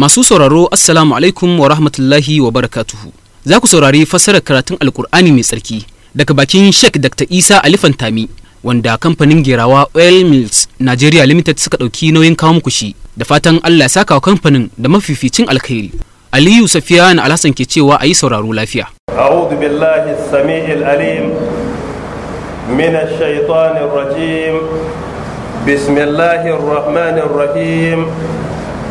Masu sauraro Assalamu alaikum wa rahmatullahi wa barakatuhu. Za ku saurari fassarar karatun Alkur'ani mai tsarki daga bakin Sheikh Dr. Isa Ali Fantami, wanda kamfanin gerawa Oil Mills Nigeria Limited suka ɗauki nauyin kawo muku shi da fatan Allah ya saka wa kamfanin da mafificin alkhairi. Aliyu Safiya na Alhassan ke cewa a yi sauraro lafiya. A'udhu billahi alim min ash rajim. Bismillahir rahmanir rahim.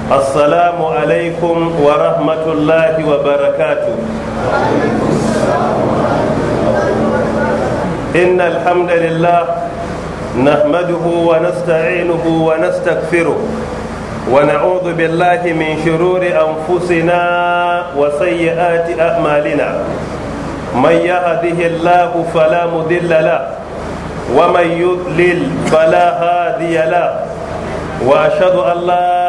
assalamu alaikum wa rahmatullahi wa barakatu inna alhamdulillah nahmaduhu wa nasta'inuhu wa nastaghfiru wa na'udhu billahi min shururi anfusina wa sayyiati a'malina malina. يهده الله فلا مضل له ومن يضلل فلا هادي له واشهد ان لا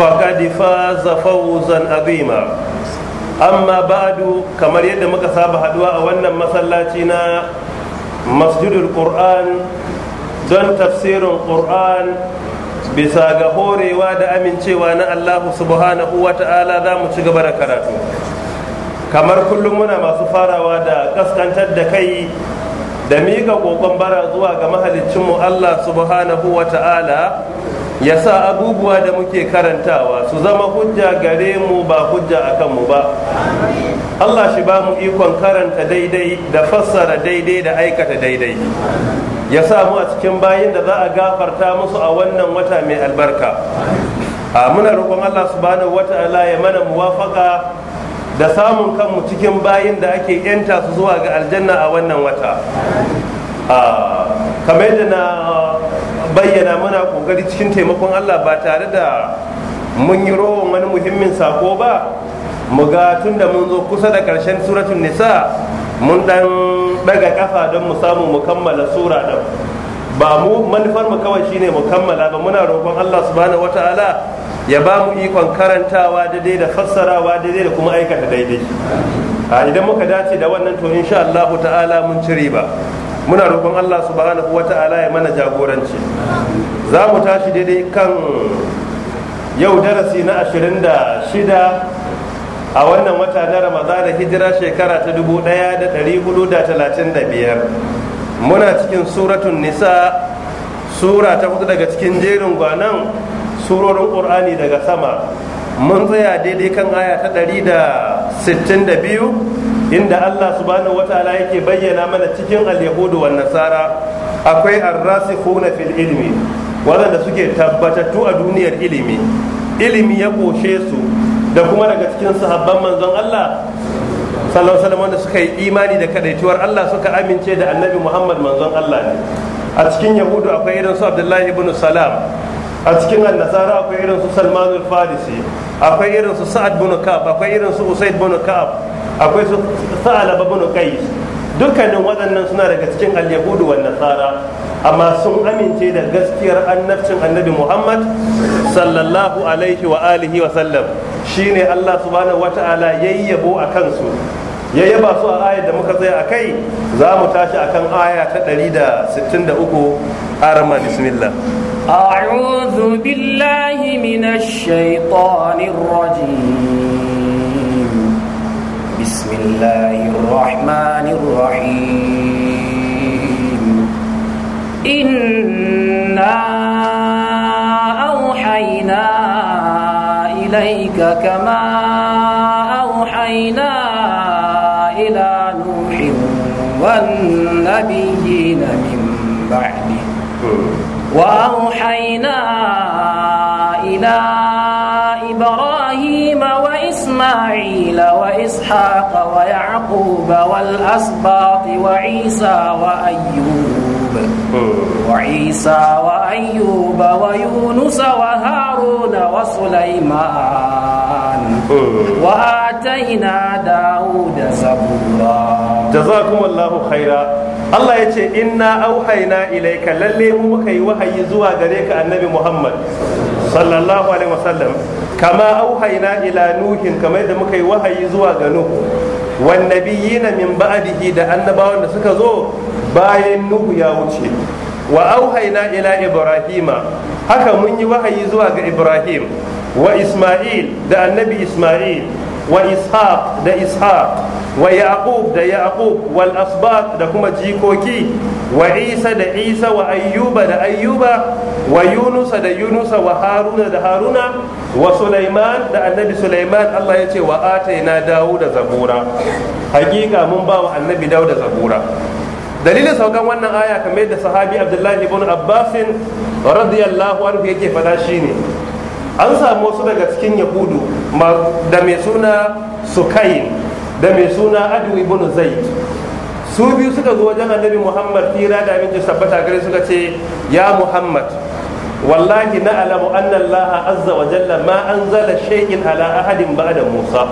faƙad azima amma ba'adu kamar yadda muka saba haduwa a wannan masallaci na masjidul qur'an don tafsirin qur'an bisa ga horewa da amincewa na allahu subhanahu wa ta'ala za mu ci gaba da karatu kamar kullum muna masu farawa da kaskantar da kai da miƙa ƙoƙon bara zuwa ga mahalicinmu Allah subhanahu wa ta'ala ya sa abubuwa da muke karantawa su zama hujja gare mu ba hujja a kanmu ba Allah shi ba mu ikon karanta daidai da fassara daidai da aikata daidai ya sa mu a cikin bayin da za a gafarta musu a wannan wata mai albarka a muna roƙon Allah subhanahu ala ya mana muwafaka da samun kanmu cikin bayin da ake yanta su zuwa ga aljanna a wannan wata kamar yadda na bayyana muna kokari cikin taimakon allah ba tare da mun yi rowan wani muhimmin sako ba mu ga tun da mun zo kusa da karshen suratun nisa mun dan daga kafa don mu samu mu kammala sura da ba mu manufar mu kawai shine mu kammala ba muna roƙon allah subhanahu wataala ya ba mu ikon karantawa daidai da fassarawa daidai da kuma aikata daidai a idan muka dace da wannan to insha allahu ta'ala mun cire ba. muna roƙon Allah su subhanahu ta'ala ya mana jagoranci za mu tashi daidai kan yau darasi na ashirin da shida a wannan wata na da hijira shekara ta dubu ɗaya da ɗari hudu da talatin da biyar muna cikin suratun nisa sura ta hudu daga cikin jerin gwanan surorin ƙur'ani daga sama mun tsaya daidai kan aya ta ɗari da sittin da biyu inda Allah subhanahu wataala yake bayyana mana cikin al-yahudu wan nasara akwai ar-rasikhuna fil ilmi waɗanda suke tabbatattu a duniyar ilimi ilimi ya koshe su da kuma daga cikin sahabban manzon Allah sallallahu alaihi wanda suka yi imani da kaɗaituwar Allah suka amince da annabi Muhammad manzon Allah ne a cikin yahudu akwai irin su Abdullahi ibn Salam a cikin annasara akwai irin su salman farisi akwai irin su sa'ad bin ka'ab akwai irin su usaid bin ka'ab akwai su sa'alaba bin qais dukkanin waɗannan suna daga cikin al-yahudu nasara amma sun amince da gaskiyar annabcin annabi muhammad sallallahu alaihi wa alihi wa sallam shine allah subhanahu wata'ala yayyabo a kansu ya yaba su a ayar da muka tsaya a kai za mu tashi a kan aya ta 163 arama bismillah أعوذ بالله من الشيطان الرجيم بسم الله الرحمن الرحيم إنا أوحينا إليك كما أوحينا إلى نوح والنبيين من بعده وأوحينا إلى إسماعيل وإسحاق ويعقوب والأسباط وعيسى وأيوب وعيسى وأيوب ويونس وهارون وسليمان وآتينا داود زبورا jazakumullahu khaira Allah ya ce inna auhaina ilayka lalle mu muka yi wahayi zuwa gare ka annabi Muhammad sallallahu alaihi wasallam kama auhaina ila nuhin kamar da muka yi wahayi zuwa ga nuhu wan nabiyina min ba'dihi da annabawan da suka zo bayan nuhu ya wuce wa auhaina ila ibrahima haka mun yi wahayi zuwa ga ibrahim wa isma'il da annabi isma'il wa ishaq da ishaq wa yaqub da yaqub wal asbaq da kuma jikoki wa isa da isa wa ayyuba da ayyuba wa yunusa da yunusa wa haruna da haruna wa sulaiman da annabi sulaiman Allah ya ce na dawo da zabura Haƙiƙa mun ba wa annabi dawuda zabura dalilin saukar wannan aya kamar da sahabi abdullahi ibn abbasin radiyallahu anhu yake fada shine an samu wasu daga cikin yahudu da mai suna sukayin da mai suna adu ibn zaid su biyu suka zo wajen annabi muhammad fira da abinci sabbata gare suka ce ya muhammad wallahi na alamu annallaha azza wa jalla ma an zala shekin ala ahadin ba da musa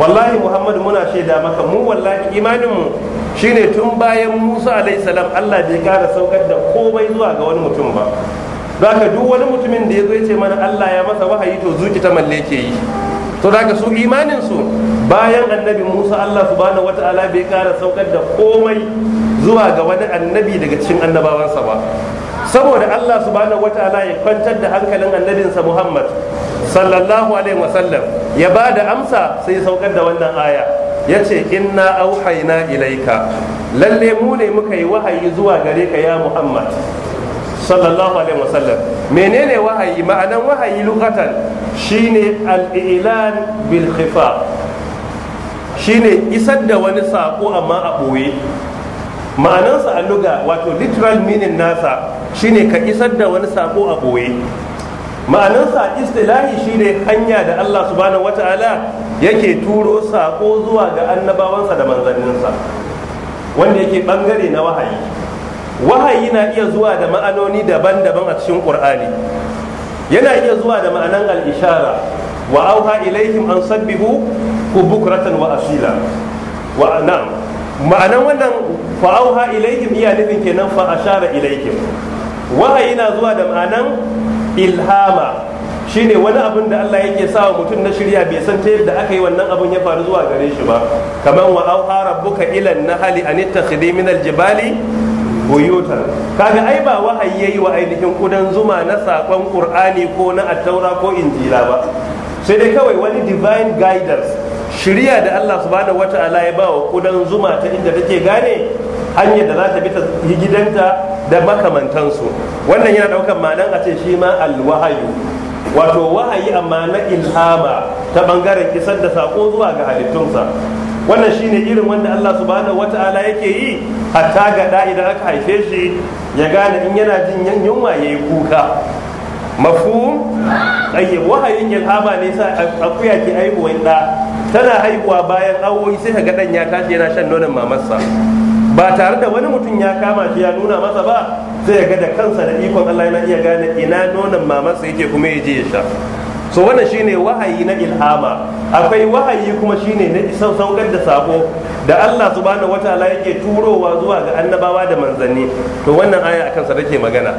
wallahi muhammadu muna shaida maka mu wallahi imaninmu shine tun bayan musa alaihi salam allah bai kara saukar da komai zuwa ga wani mutum ba zaka duk wani mutumin da ya zo ce mana Allah ya masa wahayi to zuki ta malle ke yi to daga su imanin su bayan annabi Musa Allah subhanahu wataala bai kara saukar da komai zuwa ga wani annabi daga cikin annabawansa ba saboda Allah subhanahu wataala ya kwantar da hankalin annabinsa Muhammad sallallahu alaihi wasallam ya ba da amsa sai saukar da wannan aya ya ce inna auhaina ilaika lalle mu ne muka yi wahayi zuwa gare ka ya Muhammad sallallahu alaihi wasallam menene wahayi ma'anan wahayi lugatan shine al-ilan bil khifa shine isar da wani sako amma a boye ma'anan a luga wato literal meaning nasa shine ka isar da wani sako a boye sa istilahi shine hanya da Allah subhanahu wata'ala yake turo sako zuwa ga annabawansa da manzanninsa wanda yake bangare na wahayi wahayi na iya zuwa da ma'anoni daban-daban a cikin qur'ani yana iya zuwa da ma'anan al-ishara wa auha ilaihim an sabbihu ku bukratan wa asila wa ma'anan wannan fa auha ilaihim iya nufin kenan fa ashara ilaihim wahayi na zuwa da ma'anan ilhama shine wani abin da Allah yake sa mutum na shirya bai san ta yadda aka yi wannan abin ya faru zuwa gare shi ba kamar wa auha rabbuka ilan nahali anittakhidhi tattakhidhi min boyotar kaga ai ba wahayi ya yi wa ainihin kudan zuma na sakon qur'ani ko na attaura ko injila ba sai dai kawai wani divine guidance shirya da Allah su subhanahu wata'ala ya ba wa kudan zuma ta inda take gane hanyar da za ta bi ta yi gidanta da makamantansu wannan yana daukan ma'anan a ce shi ma alwahayu wato wahayi amma na ilhama ta bangaren isar da sako zuwa ga halittunsa wannan shine irin wanda Allah wata wata'ala yake yi hatta ga da idan aka haife shi ya gane in yana jin yunwa ya yi kuka mafu ayyab wahayin ilhama ne sa akuya ke haihuwan ɗa. tana haihuwa bayan awoyi sai ka dan ya tashi yana shan nonon mamarsa ba tare da wani mutum ya kama shi ya nuna masa ba sai ya ga da kansa da ikon Allah yana iya gane ina nonon mamarsa yake kuma ya je ya sha so wannan shine wahayi na ilhama akwai wahayi kuma shine na isa saukar da sako da Allah Su subhanahu wataala yake turowa zuwa ga annabawa da manzanni to wannan aya akan sa take magana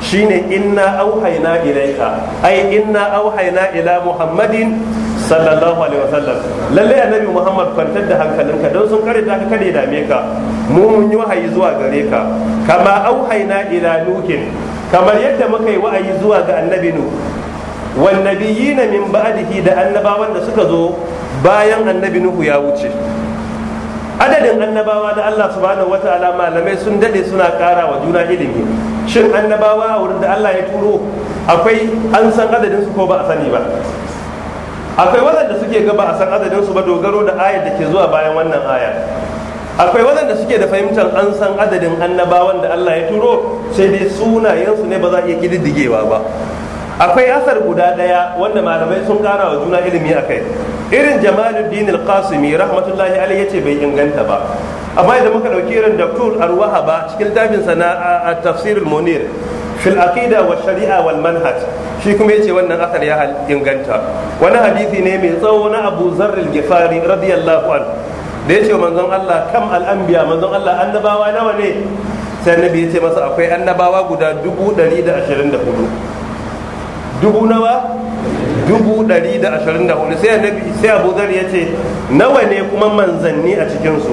shine inna auhayna ilaika ai inna auhayna ila muhammadin sallallahu alaihi wasallam lalle annabi muhammad kwantar da hankalinka don sun kare ka kare dame ka mu mun yi wahayi zuwa gare ka kama auhayna ila nuhin kamar yadda muka yi wa'ayi zuwa ga annabi nu wan min da annabawan da suka zo bayan annabi nuhu ya wuce adadin annabawa da Allah subhanahu wata'ala malamai sun dade suna kara wa juna ilimi shin annabawa a wurin da Allah ya turo akwai an san adadin su ko ba a sani ba akwai waɗanda suke ga ba a san adadin su ba dogaro da ayar da ke zuwa bayan wannan aya akwai waɗanda suke da fahimtar an san adadin annabawan da Allah ya turo sai dai sunayensu ne ba za a iya kididdigewa ba akwai asar guda daya wanda malamai sun kara wa juna ilimi a kai irin jamaluddin al-qasimi rahmatullahi ya yace bai inganta ba amma idan muka dauki irin daktur al ba cikin tabin sana a tafsirin al-munir fil aqida wa shari'a wal manhaj shi kuma yace wannan asar ya inganta wani hadisi ne mai tsawo na Abu Zarr al-Ghifari radiyallahu anhu da yace manzon Allah kam al-anbiya manzon Allah annabawa nawa ne sai annabi yace masa akwai annabawa guda 124 dubu nawa dubu ɗari da ashirin da hudu sai nabi sai abu zar ya ce nawa ne kuma manzanni a cikinsu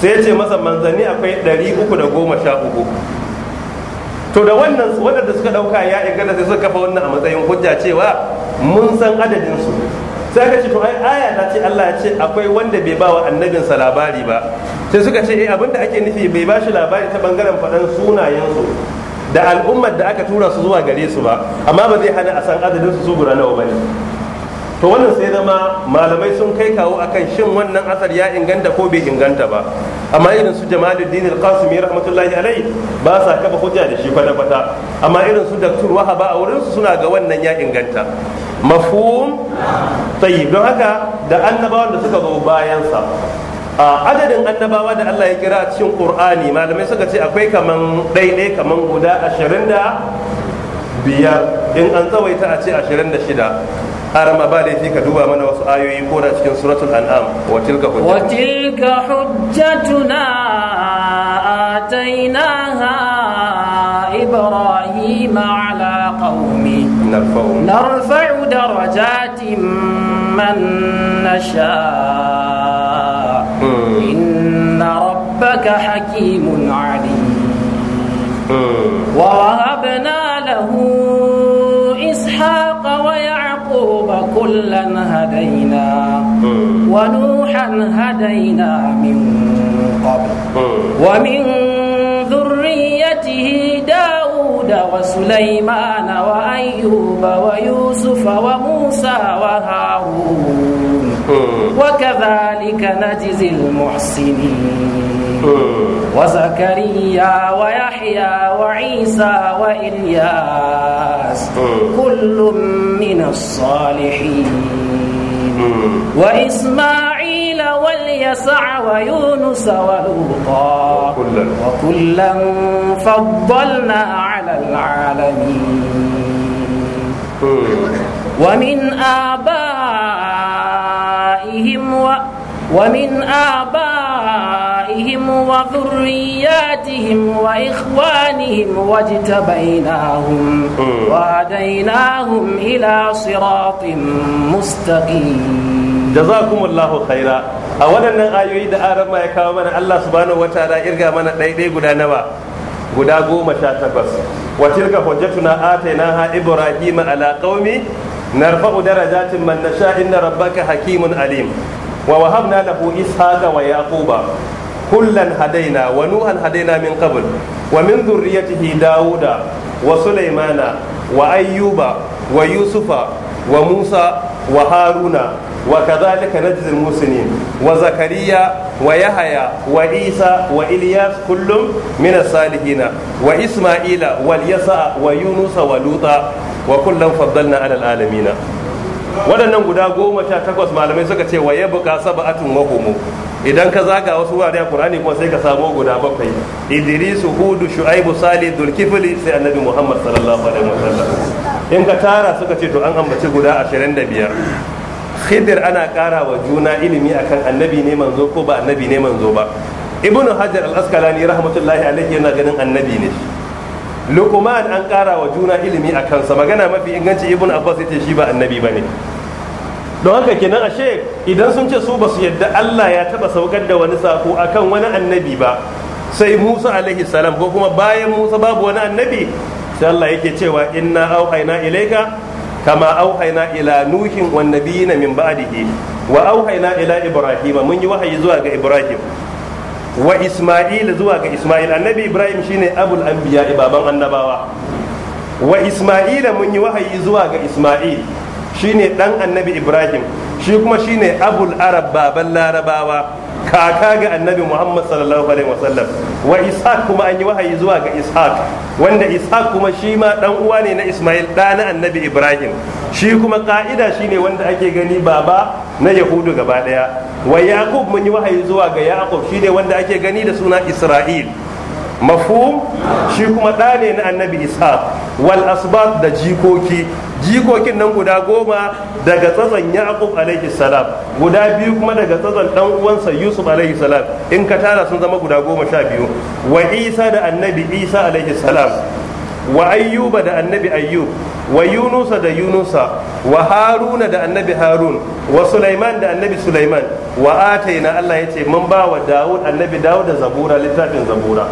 sai ya ce masa manzanni akwai ɗari uku da goma sha uku to da wannan waɗanda suka ɗauka ya ingana sai suka kafa wannan a matsayin hujja cewa mun san adadinsu sai aka ce to ai aya ta ce Allah ya ce akwai wanda bai bawa annabinsa labari ba sai suka ce eh abinda ake nufi bai ba shi labari ta bangaren faɗan sunayensu da al'ummar da aka tura su zuwa gare su ba amma ba zai hana a san adadin su su guda nawa ne. to wannan sai zama malamai sun kai kawo akan shin wannan asar ya inganta ko bai inganta ba amma irin su jamaluddin al-qasimi rahmatullahi alai ba sa kafa hujja da shi kwata kwata amma irin su daktur wahaba a wurin su suna ga wannan ya inganta mafhum tayyib don haka da annabawan da suka zo bayan sa A adadin annabawa da Allah ya kira cikin Qur'ani malamai suka ce akwai kaman dai kaman guda ashirin da biyar in an tsawaita a ce ashirin da shida arama ba da ka duba mana wasu ayoyi ko da cikin suratul an'am wa tilka hujjatuna wa tilka hujjatuna atainaha ibrahim ala qaumi narfa'u narfa'u darajatin man nasha إنك حكيم عليم ووهبنا له إسحاق ويعقوب كلا هدينا ونوحا هدينا من قبل ومن ذريته داود وسليمان وأيوب ويوسف وموسى وهارون وكذلك نجزي المحسنين وزكريا ويحيى وعيسى وإلياس كل من الصالحين وإسماعيل واليسع ويونس ولوطا وكلا فضلنا على العالمين ومن آبائنا آبائهم و ومن آبائهم وذرياتهم وإخوانهم واجتبيناهم وهديناهم إلى صراط مستقيم جزاكم الله خيرا a waɗannan ayoyi da aran ma ya kawo mana Allah su subhanahu wata irga mana ɗaiɗai guda nawa guda goma sha takwas wa tilka hujjatuna atainaha ibrahima ala qaumi narfa'u darajatin man nasha inna rabbaka hakimun alim wa wahabna lahu ishaqa wa Yakuba. kullan hadaina wa nuhan hadaina min qabl wa min dhurriyyatihi dauda wa Suleimana, wa ayyuba wa yusufa wa musa wa haruna wa kadhalika najzil muslimin wa zakariya wa yahaya wa isa wa ilyas kullum min as-salihin wa isma'ila wal yasa wa yunusa wa Lutsa. wa kullum faddalna alal alamina waɗannan guda goma sha takwas malamai suka ce wa saba sab'atun wa hum idan ka zaga wasu wurare a Qur'ani kuma sai ka samu guda bakwai Idris hudu shu'aibu Salih Dulkifli sai Annabi Muhammad sallallahu alaihi sallam in ka tara suka ce to an ambaci guda ashirin da biyar. khidir ana kara wa juna ilimi akan annabi ne manzo ko ba annabi ne manzo ba ibnu hajar al-asqalani rahmatullahi alaihi yana ganin annabi ne luqman an ƙara wa juna ilimi a kansa magana mafi inganci ibn abbas yace shi ba annabi bane don haka kenan ashe idan sun ce su ba su yadda Allah ya taba saukar da wani sako akan wani annabi ba sai Musa alaihi salam ko kuma bayan Musa babu wani annabi sai Allah yake cewa inna auhayna ilayka kama auhayna ila nuhin wan nabiyina min ba'dihi wa auhayna ila ibrahima mun yi wahayi zuwa ga ibrahim wa isma'il zuwa ga isma'il annabi ibrahim shine abul anbiya baban annabawa wa isma'il mun yi wahayi zuwa ga isma'il shine dan annabi ibrahim shi kuma shine abul arab baban larabawa kaka ga annabi muhammad sallallahu alaihi wasallam wa ishaq kuma an yi wahayi zuwa ga ishaq wanda ishaq kuma shi ma dan uwa ne na ismail ɗa na annabi ibrahim shi kuma ka'ida shi ne wanda ake gani baba na yahudu gaba ɗaya wa yaqub mun yi wahayi zuwa ga yaqub shi ne wanda ake gani da suna isra'il mafhum shi kuma ɗa ne na annabi Isa wal asbat da jikoki jikokin nan guda goma daga tsatson yaqub alaihi salam guda biyu kuma daga tsatson dan uwansa yusuf alaihi salam in ka tara sun zama guda goma sha biyu wa isa da annabi isa alaihi salam wa ayyuba da annabi ayyub wa yunusa da yunusa wa haruna da annabi harun wa sulaiman da annabi sulaiman wa atayna allah ya ce mun ba wa daud annabi dawud da zabura littafin zabura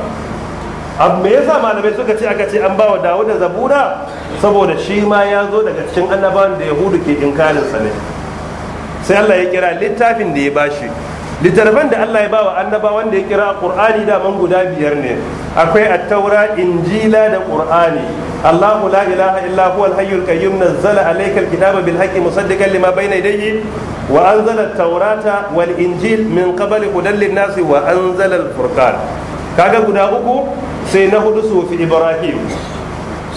abu me yasa malamai suka ce aka ce an ba wa dawo da zabura saboda shi ma ya zo daga cikin annabawan da yahudu ke inkarinsa ne sai allah ya kira littafin da ya bashi littattafan da allah ya ba wa annabawan da ya kira qur'ani daman guda biyar ne akwai taura injila da qur'ani الله لا إله إلا هو الحي القيوم نزل عليك الكتاب بالحق مصدقا لما بين يديه وأنزل التوراة والإنجيل من قبل هدى للناس وأنزل الفرقان kaga guda uku sai na hudu sufi ibrahim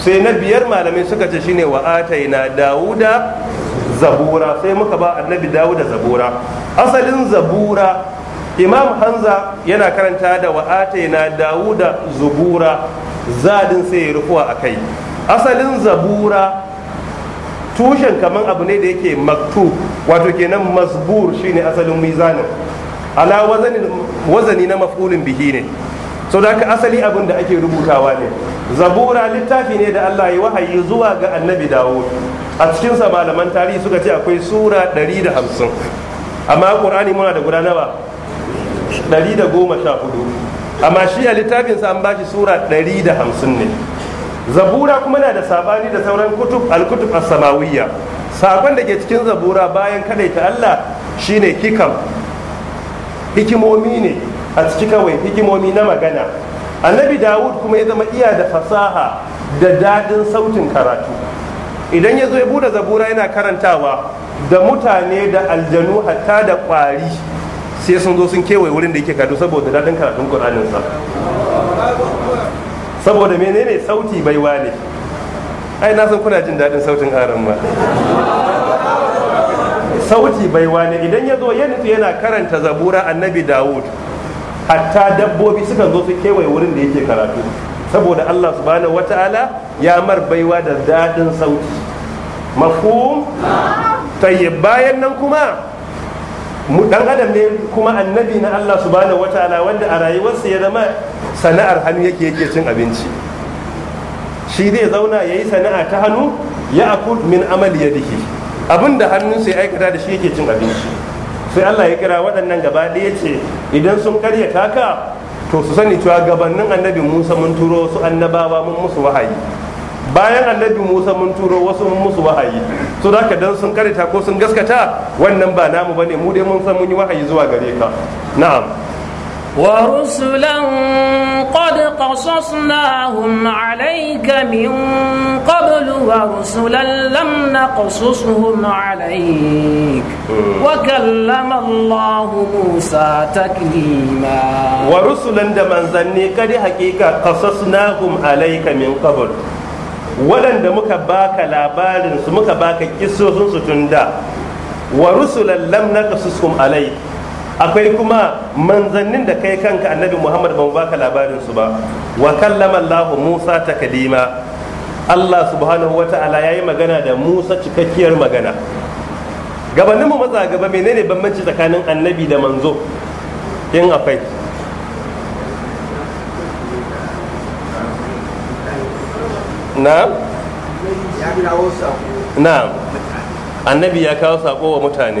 sai na biyar malamai suka ce shine wa na dawuda zabura sai muka ba annabi dawuda zabura asalin zabura imam hanza yana karanta da wa na dawuda zubura zadin sai ya rufuwa a kai asalin zabura tushen kamar abu ne da yake maktu wato kenan mazbur shine asalin mizanin ala wazani na mafulin bihi ne so da ka asali abin da ake rubutawa ne zabura littafi ne da Allah ya wahayi zuwa ga annabi dawud a cikinsa malaman tarihi suka ce akwai sura 150 amma ƙur'ani muna da guda nawa 114 amma shi a littafinsa an ba shi sura 150 ne zabura kuma na da sabani da sauran kutub al-kutub as-samawiyya sakon da ke cikin zabura bayan kadaita Allah shine hikam hikimomi ne a ciki kawai hikimomi na magana annabi dawud kuma ya zama iya da fasaha da daɗin sautin karatu idan ya zo ya bude zabura yana karantawa da mutane da aljanu hatta da ƙwari sai sun zo sun kewaye wurin da yake kadu saboda daɗin karatun ƙuraninsa saboda menene sauti baiwa ne ai na san kuna jin daɗin sautin aron ma sauti baiwa ne idan ya zo ya yana karanta zabura annabi dawud hatta dabbobi suka zo su kewaye wurin da yake karatu saboda Allah subhanahu wata'ala ya mar baiwa da daɗin sauti mafhum tayi bayan nan kuma mu dan adam ne kuma annabi na Allah subhanahu wataala wanda a rayuwarsa ya zama sana'ar hannu yake yake cin abinci shi zai zauna ya yi sana'a ta hannu ya akul min amal yadihi abinda hannunsa ya aikata da shi yake cin abinci sai Allah ya kira waɗannan gaba ɗaya ce idan sun karyata ka to su sani cewa gabanin annabi Musa mun turo su annabawa mun musu wahayi bayan annabi Musa mun turo wasu mun musu wahayi su da dan sun karyata ko sun gaskata wannan ba namu bane mu dai mun san mun yi wahayi zuwa gare ka na'am ورسلا قد قصصناهم عليك من قبل ورسلا لم نقصصهم عليك وكلم الله موسى تكليما ورسلا دمن زني قد حقيقة قصصناهم عليك من قبل waɗanda muka baka labarinsu muka baka kisosinsu tun da wa rusulan lam naqsuskum alayk akwai kuma manzannin da kai kanka annabi muhammad ba mu baka labarin su ba wa kallama allahu musa takalima allah subhanahu wa ta'ala ya yi magana da musa cikakkiyar magana gabanin mu maza gaba menene bambanci tsakanin annabi da manzo in akwai na'am annabi ya kawo sako wa mutane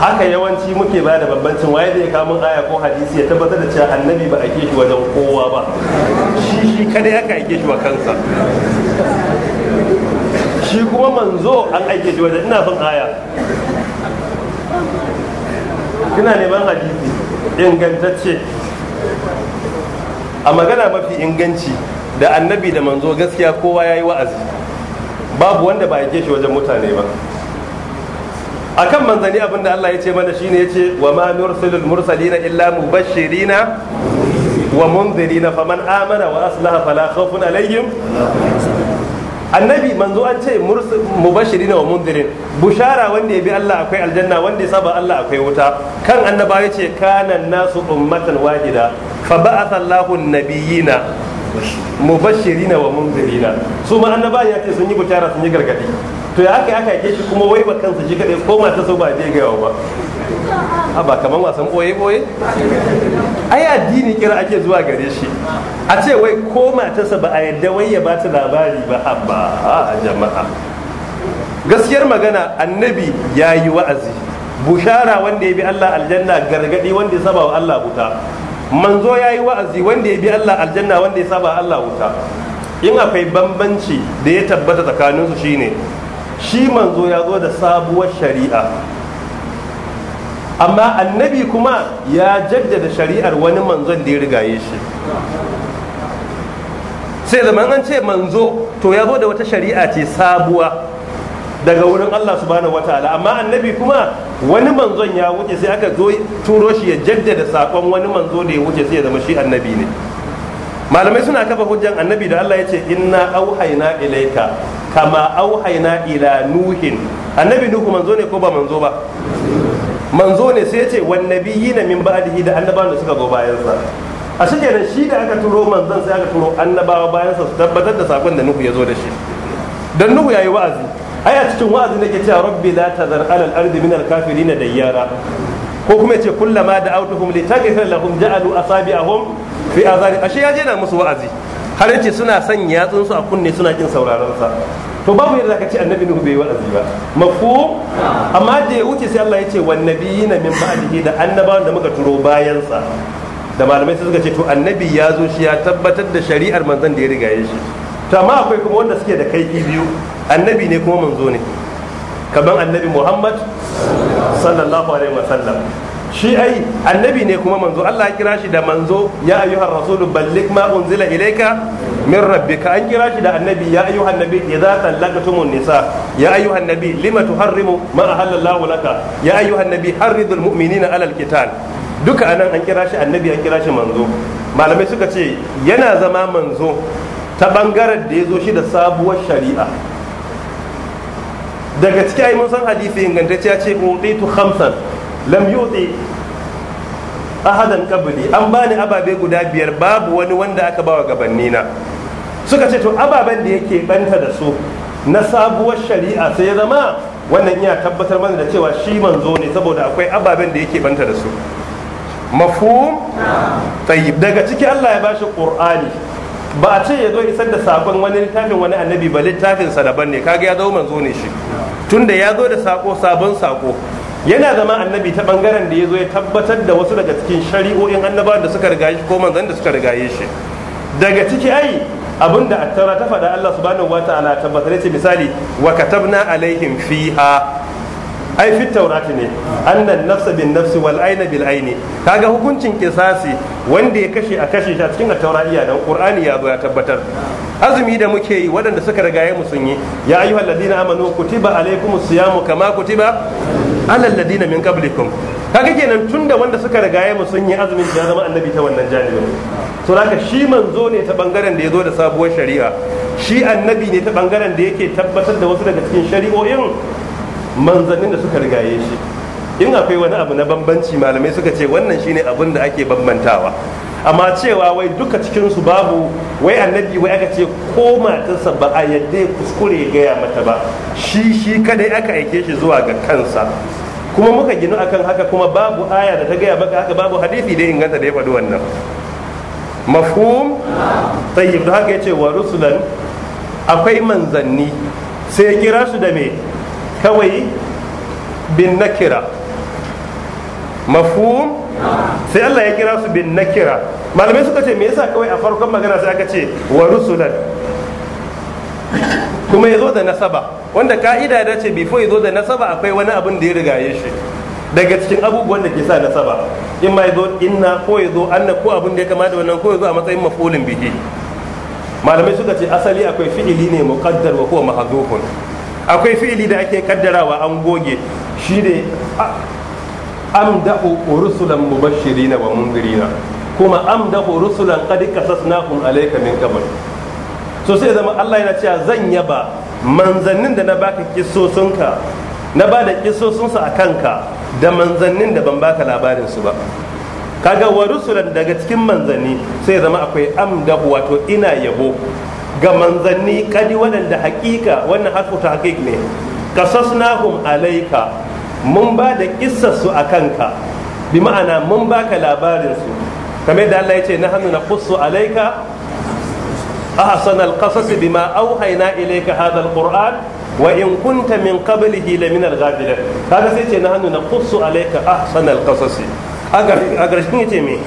haka yawanci muke ba da bambancin waye zai kawo aya ko hadisi ya tabbatar da cewa annabi ba ake shi wajen kowa ba shi shi kada ya aike shi wa kansa shi kuma manzo an aike shi wajen ina son aya Kina neman hadisi ingantacce a magana mafi inganci da annabi da manzo gaskiya kowa ya yi wa'azi babu wanda ba a shi wajen mutane ba akan manzani abin da Allah ya ce mana shine yace wa ma nursilul mursalina illa mubashirina wa munzirina faman amana wa aslaha fala khawfun alaihim annabi manzo an ce mubashirina wa munzirin bushara wanda ya bi Allah akwai aljanna wanda ya saba Allah akwai wuta kan annaba ya ce kanan nasu ummatan wahida fa ba'atha Allahu nabiyina mubashirina wa munzirina su ma annaba ya ce sun yi bushara sun yi gargadi to ya aka aka yake shi kuma wai ba kansa shi kadai ko mata so ba je ga ba a ba kaman wasan boye boye ai addini kira ake zuwa gare shi a ce wai ko sa ba a yadda wai ya bata labari ba abba a jama'a gaskiyar magana annabi ya yi wa'azi bushara wanda ya bi Allah aljanna gargadi wanda ya saba wa Allah wuta manzo ya yi wa'azi wanda ya bi Allah aljanna wanda ya saba Allah wuta in akwai bambanci da ya tabbata tsakaninsu shine shi manzo ya zo da sabuwar shari'a amma annabi kuma ya jaddada shari'ar wani manzon da ya rigaye shi sai man an ce manzo to ya zo da wata shari'a ce sabuwa daga wurin Allah subhanahu wataala amma annabi kuma wani manzon ya wuce sai aka zo turo shi ya jaddada sakon wani manzo da ya wuce sai ya zama shi annabi ne malamai suna kafa hujjan annabi da Allah ya ce inna auhayna ilaika kama auhaina ila nuhin annabi nuhu manzo ne ko ba manzo ba manzo ne sai ce wan nabiyina min ba'dihi da annabawan da suka go bayan sa a shikenan shi da aka turo manzon sai aka turo annabawa bayan sa su tabbatar da sakon da nuhu ya zo da shi dan nuhu yayi wa'azi ai a cikin wa'azi nake cewa rabbi la tazar alal ardi min alkafirin dayyara ko kuma yace kullama da'awtuhum li taghfir lahum ja'alu asabi'ahum fi azari ashe yaje na musu wa'azi har yace suna son su a kunne suna kin sauraron sa to babu yadda zaka ce annabi nuhu bai wa'azi ba mafu amma da ya wuce sai Allah ya ce wan nabiyina min ba'dihi da annabawan da muka turo bayan sa da malamai suka ce to annabi ya zo shi ya tabbatar da shari'ar manzon da ya rigaye shi to amma akwai kuma wanda suke da kaifi biyu annabi ne kuma manzo ne kaman annabi Muhammad sallallahu alaihi wasallam shi ai annabi ne kuma manzo Allah ya kira shi da manzo ya ayyuhar rasulu ballik ma unzila ilayka min rabbika an kira shi da annabi ya ayyuhan nabi idza tallaqtumun nisa ya ayyuhan nabi lima tuharrimu ma ahallallahu laka ya ayyuhan nabi harridul mu'minina alal qital duka anan an kira shi annabi an kira shi manzo malamai suka ce yana zama manzo ta bangaren da ya zo shi da sabuwar shari'a daga ciki ai mun san hadisi ingantacciya ce ko khamsan lam yuti ahadan kabli an bani ababe guda biyar babu wani wanda aka bawa gabanni na suka ce to ababen da yake banta da su na sabuwar shari'a sai ya zama wannan ya tabbatar mana da cewa shi manzo ne saboda akwai ababen da yake banta da su mafhum tayyib daga ciki Allah ya bashi qur'ani ba a ce ya zo isar da sakon wani littafin wani annabi ba littafin sa daban ne kaga ya zo manzo ne shi tunda ya zo da sako sabon sako yana zama annabi ta bangaren da ya zo ya tabbatar da wasu daga cikin shari'o'in annaba da suka rigaye shi ko manzan da suka rigaye shi daga ciki ai abin da attara ta faɗa Allah subhanahu wa ta'ala tabbatar ce misali wa katabna alaihim fiha ai fi taurati ne annan nafsa bin nafsi wal aina bil aini kaga hukuncin kisasi wanda ya kashe a kashe shi a cikin attaura iya dan qur'ani ya zo ya tabbatar azumi da muke yi waɗanda suka rigaye mu sun yi ya ayyuhal ladina amanu kutiba alaikumus siyamu kama kutiba alal ladina min qablikum kaga kenan tunda wanda suka rigaye mu sun yi azumi ya zama annabi ta wannan janibin to haka shi manzo ne ta bangaren da ya zo da sabuwar shari'a shi annabi ne ta bangaren da yake tabbatar da wasu daga cikin shari'o'in Manzanin da suka rigaye shi in akwai wani abu na bambanci malamai suka ce wannan shine abin da ake bambantawa amma cewa wai duka cikinsu babu wai annabi wai aka ce ko matarsa ba a yadda ya kuskure ya gaya mata ba shi shi kadai aka aike shi zuwa ga kansa kuma muka ginu akan haka kuma babu aya da ta gaya maka haka babu hadisi dai inganta da ya faɗi wannan mafhum tayyib da haka yace wa rusulan akwai manzanni sai kira su da me kawai bin nakira mafhum sai Allah ya kira su bin nakira malamai suka ce me yasa kawai a farkon magana sai aka ce wa rusulan kuma ya zo da nasaba wanda ka'ida da ce before ya zo da nasaba akwai wani abin da ya riga ya shi daga cikin abubuwan da ke sa nasaba in ma ya zo inna ko ya zo anna ko abin da ya kama da wannan ko ya zo a matsayin mafulin bihi malamai suka ce asali akwai fi'ili ne muqaddar wa huwa mahdhufun akwai fi'ili da ake kaddarawa an goge shi ne amdahu rusulan mubashirina wa mundirina kuma amdahu rusulan qad qasasnahum alayka min qabl so sai zama Allah yana cewa zan yaba manzannin da na baka kissosunka na ba da kissosunsa a kanka da manzannin da ban baka labarin su ba kaga wa rusulan daga cikin manzanni sai zama akwai amdahu wato ina yabo ga manzanni kadi waɗanda hakika wannan harfu ta ne kasasnahum alayka mun ba da kissarsu a kanka bi ma'ana mun ba ka labarinsu kamar da Allah ya ce na hannu na kusu alaika ahsan alqasas bima auhayna ilayka hadha alquran wa in kunta min qablihi la min alghafilin kaga sai ce na hannu na kusu alaika ahsan alqasas a garshen ce me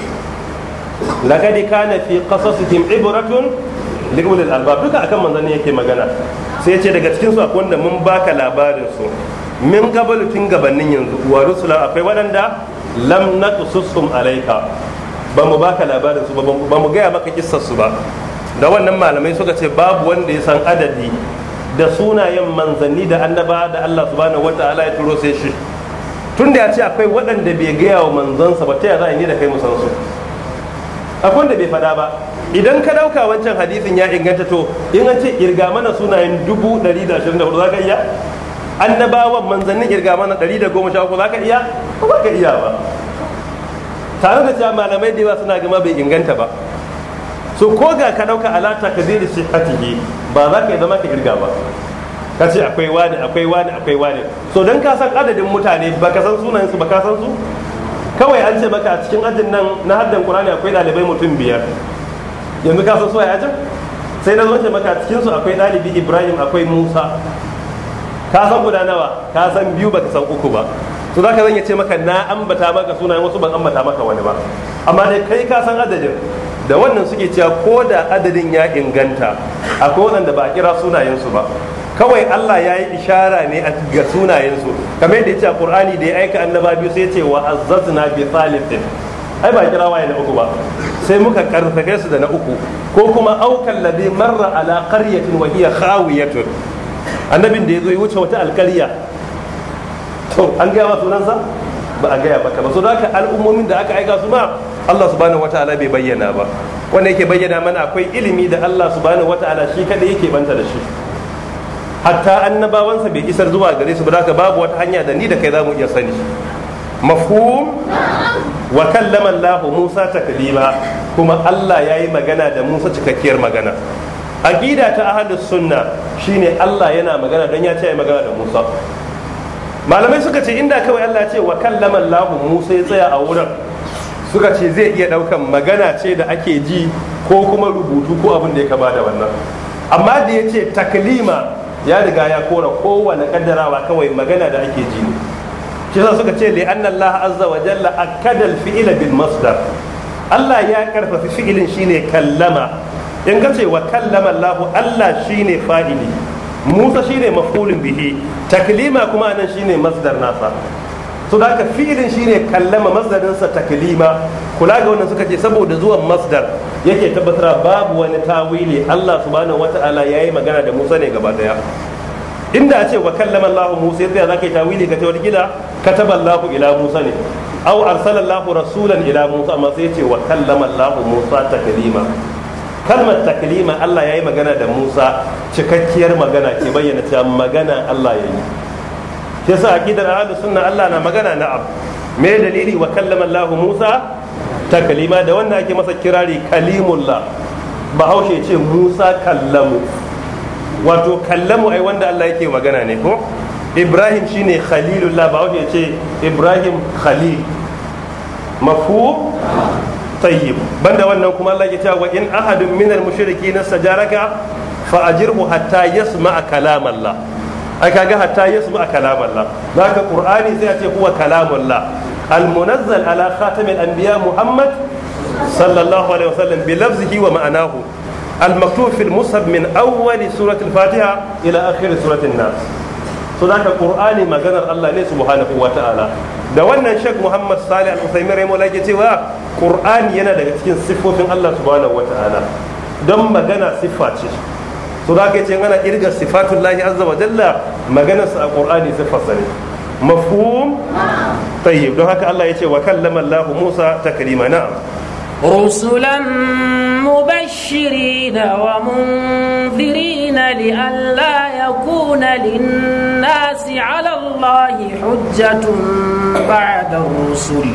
laqad kana fi qasasihim ibratun liqul albab duka akan manzanni yake magana sai ya ce daga cikin su akwai wanda mun baka labarin su min gabal tun gabanin yanzu wa rusula akwai waɗanda lam naqsusum alaika ba mu baka labarin su ba mu gaya maka kissar su ba da wannan malamai suka ce babu wanda ya san adadi da sunayen manzanni da annaba da Allah subhanahu ala ya turo sai shi tun da ya ce akwai waɗanda bai gaya wa manzansa ba ta za a yi da kai musan su akwai wanda bai faɗa ba idan ka ɗauka wancan hadisin ya inganta to in an ce irga mana sunayen dubu ɗari da ashirin da hudu za ka iya annabawan manzannin kirga mana 113 za ka iya ko ba ka iya ba tare da cewa malamai da yawa suna gama bai inganta ba so ko ga ka dauka alata ka zai shi hatihi ba za ka zama ka kirga ba ka ce akwai wani akwai wani akwai wani so don ka san adadin mutane ba ka san su ba ka san su kawai an ce maka a cikin ajin nan na haddan qur'ani akwai dalibai mutum biyar yanzu ka san su a ajin sai na zo ce maka cikin su akwai dalibi ibrahim akwai musa ka san guda nawa ka san biyu baka san uku ba to zaka zan ya ce maka na ambata maka sunayen wasu ban ambata maka wani ba amma dai kai ka san adadin da wannan suke cewa ko da adadin ya inganta akwai waɗanda ba a kira sunayensu ba kawai Allah ya yi ishara ne a ga sunayensu kamar yadda ya ce a Qur'ani da ya aika annaba biyu sai ya ce wa azzatna bi thalithin ai ba kira waye na uku ba sai muka karfafe su da na uku ko kuma aukan ladhi marra ala qaryatin wa hiya khawiyatun annabin da ya zo ya wuce wata alkariya to an gaya ba sunansa ba a gaya ba ba so da al'ummomin da aka aika su ma Allah subhanahu wataala bai bayyana ba wanda yake bayyana mana akwai ilimi da Allah subhanahu wataala shi kada yake banta da shi hatta annabawansa bai isar zuwa gare su ba haka babu wata hanya da ni da kai zamu iya sani mafhum wa kallama Allah Musa taklima kuma Allah yayi magana da Musa cikakkiyar magana aqida ta ahlus sunna shine Allah yana magana dan ya ce ya magana da Musa malamai suka ce inda kawai Allah ce wa kallama Allah Musa ya tsaya a wurin suka ce zai iya daukan magana ce da ake ji ko kuma rubutu ko abin da ya kama da wannan amma da ya ce taklima ya riga ya kora kowane kaddarawa kawai magana da ake ji ne shi sa suka ce li anna Allah azza wa jalla akada al fi'la bil masdar Allah ya karfafa fi'ilin shine kallama in ka ce wa kallama Allah Allah shine fa'ili Musa shine mafulin bihi taklima kuma nan shine masdar nasa so da filin fi'ilin shine kallama masdarinsa taklima kula ga wannan suka ce saboda zuwan masdar yake tabbatar babu wani tawili Allah subhanahu wata'ala yayi magana da Musa ne gaba daya inda a ce wa kallama Allahu Musa yadda zaka yi tawili ka ce wani gida kataba Allahu ila Musa ne aw arsala Allahu rasulan ila Musa amma sai ya ce wa kallama Allahu Musa taklima kalmar taklima Allah ya yi magana da Musa cikakkiyar magana ke bayyana ta magana Allah ya yi shi yasa aqidar ahlus sunna Allah na magana na abu me dalili wa kallama Allah Musa taklima da wannan ake masa kirari kalimullah bahaushe ce Musa kallamu wato kallamu ai wanda Allah yake magana ne ko Ibrahim shine khalilullah bahaushe ce Ibrahim khalil mafhum tayyib banda wannan kuma Allah ya ce wa in ahadun minal mushrikin sajaraka fa ajirhu hatta yasma kalam Allah ai kaga hatta yasma kalam Allah zaka qur'ani sai ce huwa ala khatamil anbiya muhammad sallallahu alaihi wasallam bi lafzihi wa ma'anahu المكتوب في المصحف من أول سورة الفاتحة إلى آخر سورة الناس. صدق القرآن ما قال الله da wannan shek muhammad salih al-usaimin rahimahu ke cewa qur'ani yana daga cikin siffofin allah subhanahu wata'ala don magana siffa ce su da aka ce ana kirga sifatun lahi azza wa jalla maganarsa a qur'ani siffarsa ne mafhum tayyib don haka allah ya ce wa kallama allah musa taklima na'am رسلا مبشرين ومنذرين لئلا يكون للناس للناس على الله حجة بعد الرسل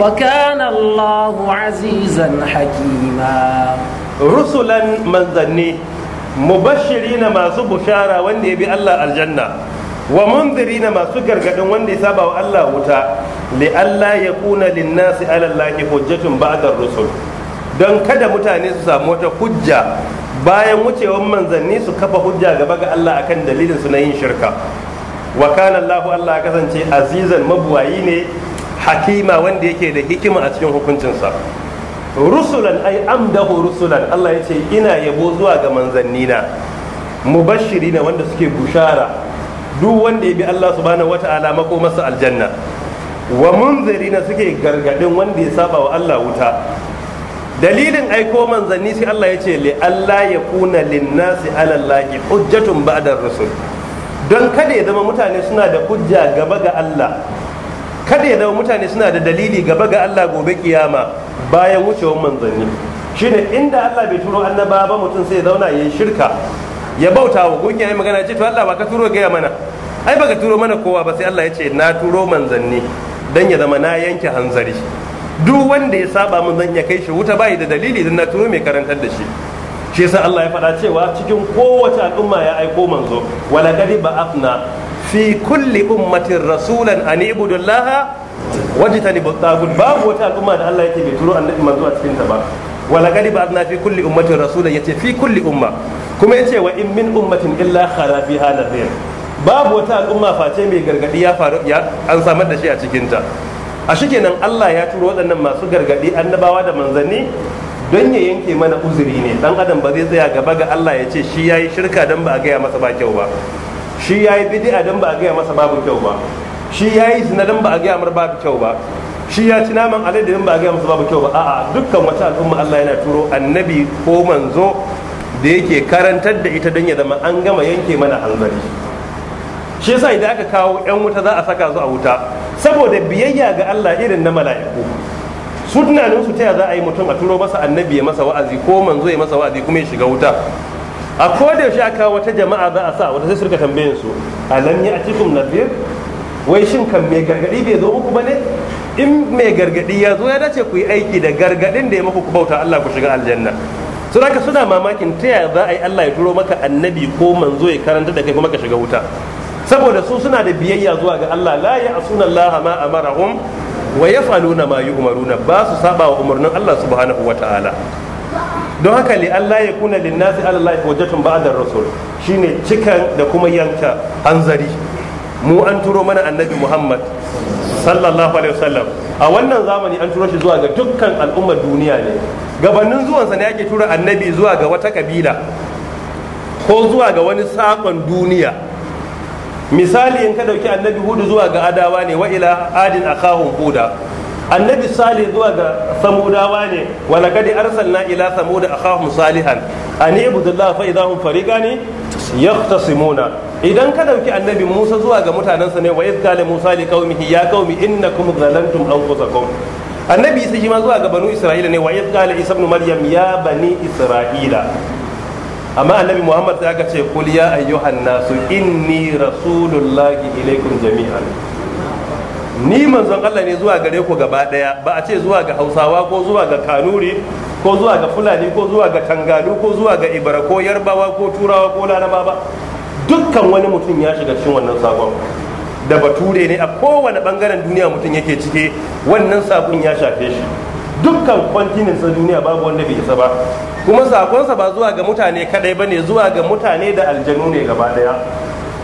وكان الله عزيزا حكيما رسلا من ذني mubashirina masu bushara wanda ya bi Allah aljanna wa munzirina masu gargadin wanda ya saba wa Allah wuta li Allah ya kuna linnasi alalahi Allah hujjatun ba'da rusul don kada mutane su samu wata hujja bayan wucewar manzanni su kafa hujja gaba ga Allah akan dalilin su na yin shirka wa kana Allah Allah kasance azizan mabuwayi ne hakima wanda yake da hikima a cikin hukuncinsa rusulan ai amdahu rusulan Allah ya ce ina yabo zuwa ga manzanni na mubashiri na wanda suke bushara duk wanda ya bi Allah subhanahu wata'ala mako masa aljanna wa munzirina suke gargadin wanda ya saba wa Allah wuta dalilin aiko manzanni sai Allah ya ce li Allah ya kuna linnasi Allah hujjatun ba'da rasul don kada ya zama mutane suna da hujja gaba ga Allah kada ya zama mutane suna da dalili gaba ga Allah gobe kiyama bayan wucewar manzanni shine inda Allah bai turo annaba ba mutum sai ya zauna yayin shirka ya bauta wa gunki ai magana ce to Allah ba ka turo gaya mana ai baka turo mana kowa ba sai Allah ya ce na turo manzanni dan ya zama na yanke hanzari duk wanda ya saba mun zan iya kai shi wuta bai da dalili dan na tuno mai karantar da shi shi yasa Allah ya faɗa cewa cikin kowace al'umma ya aiko manzo wala qad ba'athna fi kulli ummatin rasulan an ibudullaha wajtani tagut babu wata al'umma da Allah yake bai turo annabi manzo a cikin ta ba wala qad ba'athna fi kulli ummatin rasulan yace fi kulli umma kuma yace wa in min ummatin illa khala fi hadha babu wata al'umma face mai gargadi ya faru ya an samar da shi a cikin ta a kenan Allah ya turo waɗannan masu gargaɗi annabawa da manzanni don ya yanke mana uzuri ne dan adam ba zai tsaya gaba ga Allah ya ce shi yayi shirka dan ba a gaya masa ba kyau ba shi yayi bid'a dan ba a gaya masa babu kyau ba shi yayi zina dan ba a gaya masa babu kyau ba shi ya ci naman alade dan ba a gaya masa babu kyau ba a'a dukkan wata al'umma Allah yana turo annabi ko manzo da yake karantar da ita don ya zama an gama yanke mana hanzari shi yasa idan aka kawo yan wuta za a saka su a wuta saboda biyayya ga Allah irin na mala'iku su tunanin su taya za a yi mutum a turo masa annabi ya masa wa'azi ko manzo ya masa wa'azi kuma ya shiga wuta a koda yaushe aka wata jama'a za a sa wata sai su rika tambayin su alam ya atikum nadhir wai shin kan mai gargadi bai zo muku bane in mai gargadi ya zo ya dace ku yi aiki da gargadin da ya muku ku bauta Allah ku shiga aljanna su haka suna mamakin ta yaya za a yi Allah ya turo maka annabi ko manzo ya karanta da kai kuma ka shiga wuta saboda su suna da biyayya zuwa ga Allah la asuna Allah ma amarahum wa yaf'aluna ma yu'maruna ba su saba wa umarnin Allah subhanahu ta'ala don haka li Allah ya kuna lin nasi ala Allah wajatun ba'da rasul shine cikan da kuma yanka hanzari mu an turo mana annabi Muhammad sallallahu alaihi wasallam a wannan zamani an turo shi zuwa ga dukkan al'ummar duniya ne gabanin zuwansa ne ake tura annabi zuwa ga wata kabila ko zuwa ga wani sakon duniya misali in ka dauki annabi hudu zuwa ga adawa ne wa ila adin akahun huda annabi sali zuwa ga samudawa ne wa laqad arsalna ila samud akahum salihan an ibudullah fa idahum farigani yaqtasimuna idan ka dauki annabi musa zuwa ga mutanansa ne wa idh musa li qaumihi ya qaumi innakum zalantum anfusakum annabi isa shi ma zuwa ga banu isra'ila ne wa idh isa ibn maryam ya bani isra'ila amma annabi muhammad sai aka ce kul ya ayyuhan nasu inni rasulullahi ilaikum jami'an ni manzon Allah ne zuwa gare ku gaba daya ba a ce zuwa ga hausawa ko zuwa ga kanuri ko zuwa ga fulani ko zuwa ga tangalu ko zuwa ga ibra ko yarbawa ko turawa ko laraba ba dukkan wani mutum ya shiga cikin wannan sakon da bature ne a kowane bangaren duniya mutum yake cike wannan sakon ya shafe shi dukkan kwantinin na duniya babu wanda bai isa ba kuma sakonsa ba zuwa ga mutane kadai ba ne zuwa ga mutane da aljanu ne gaba daya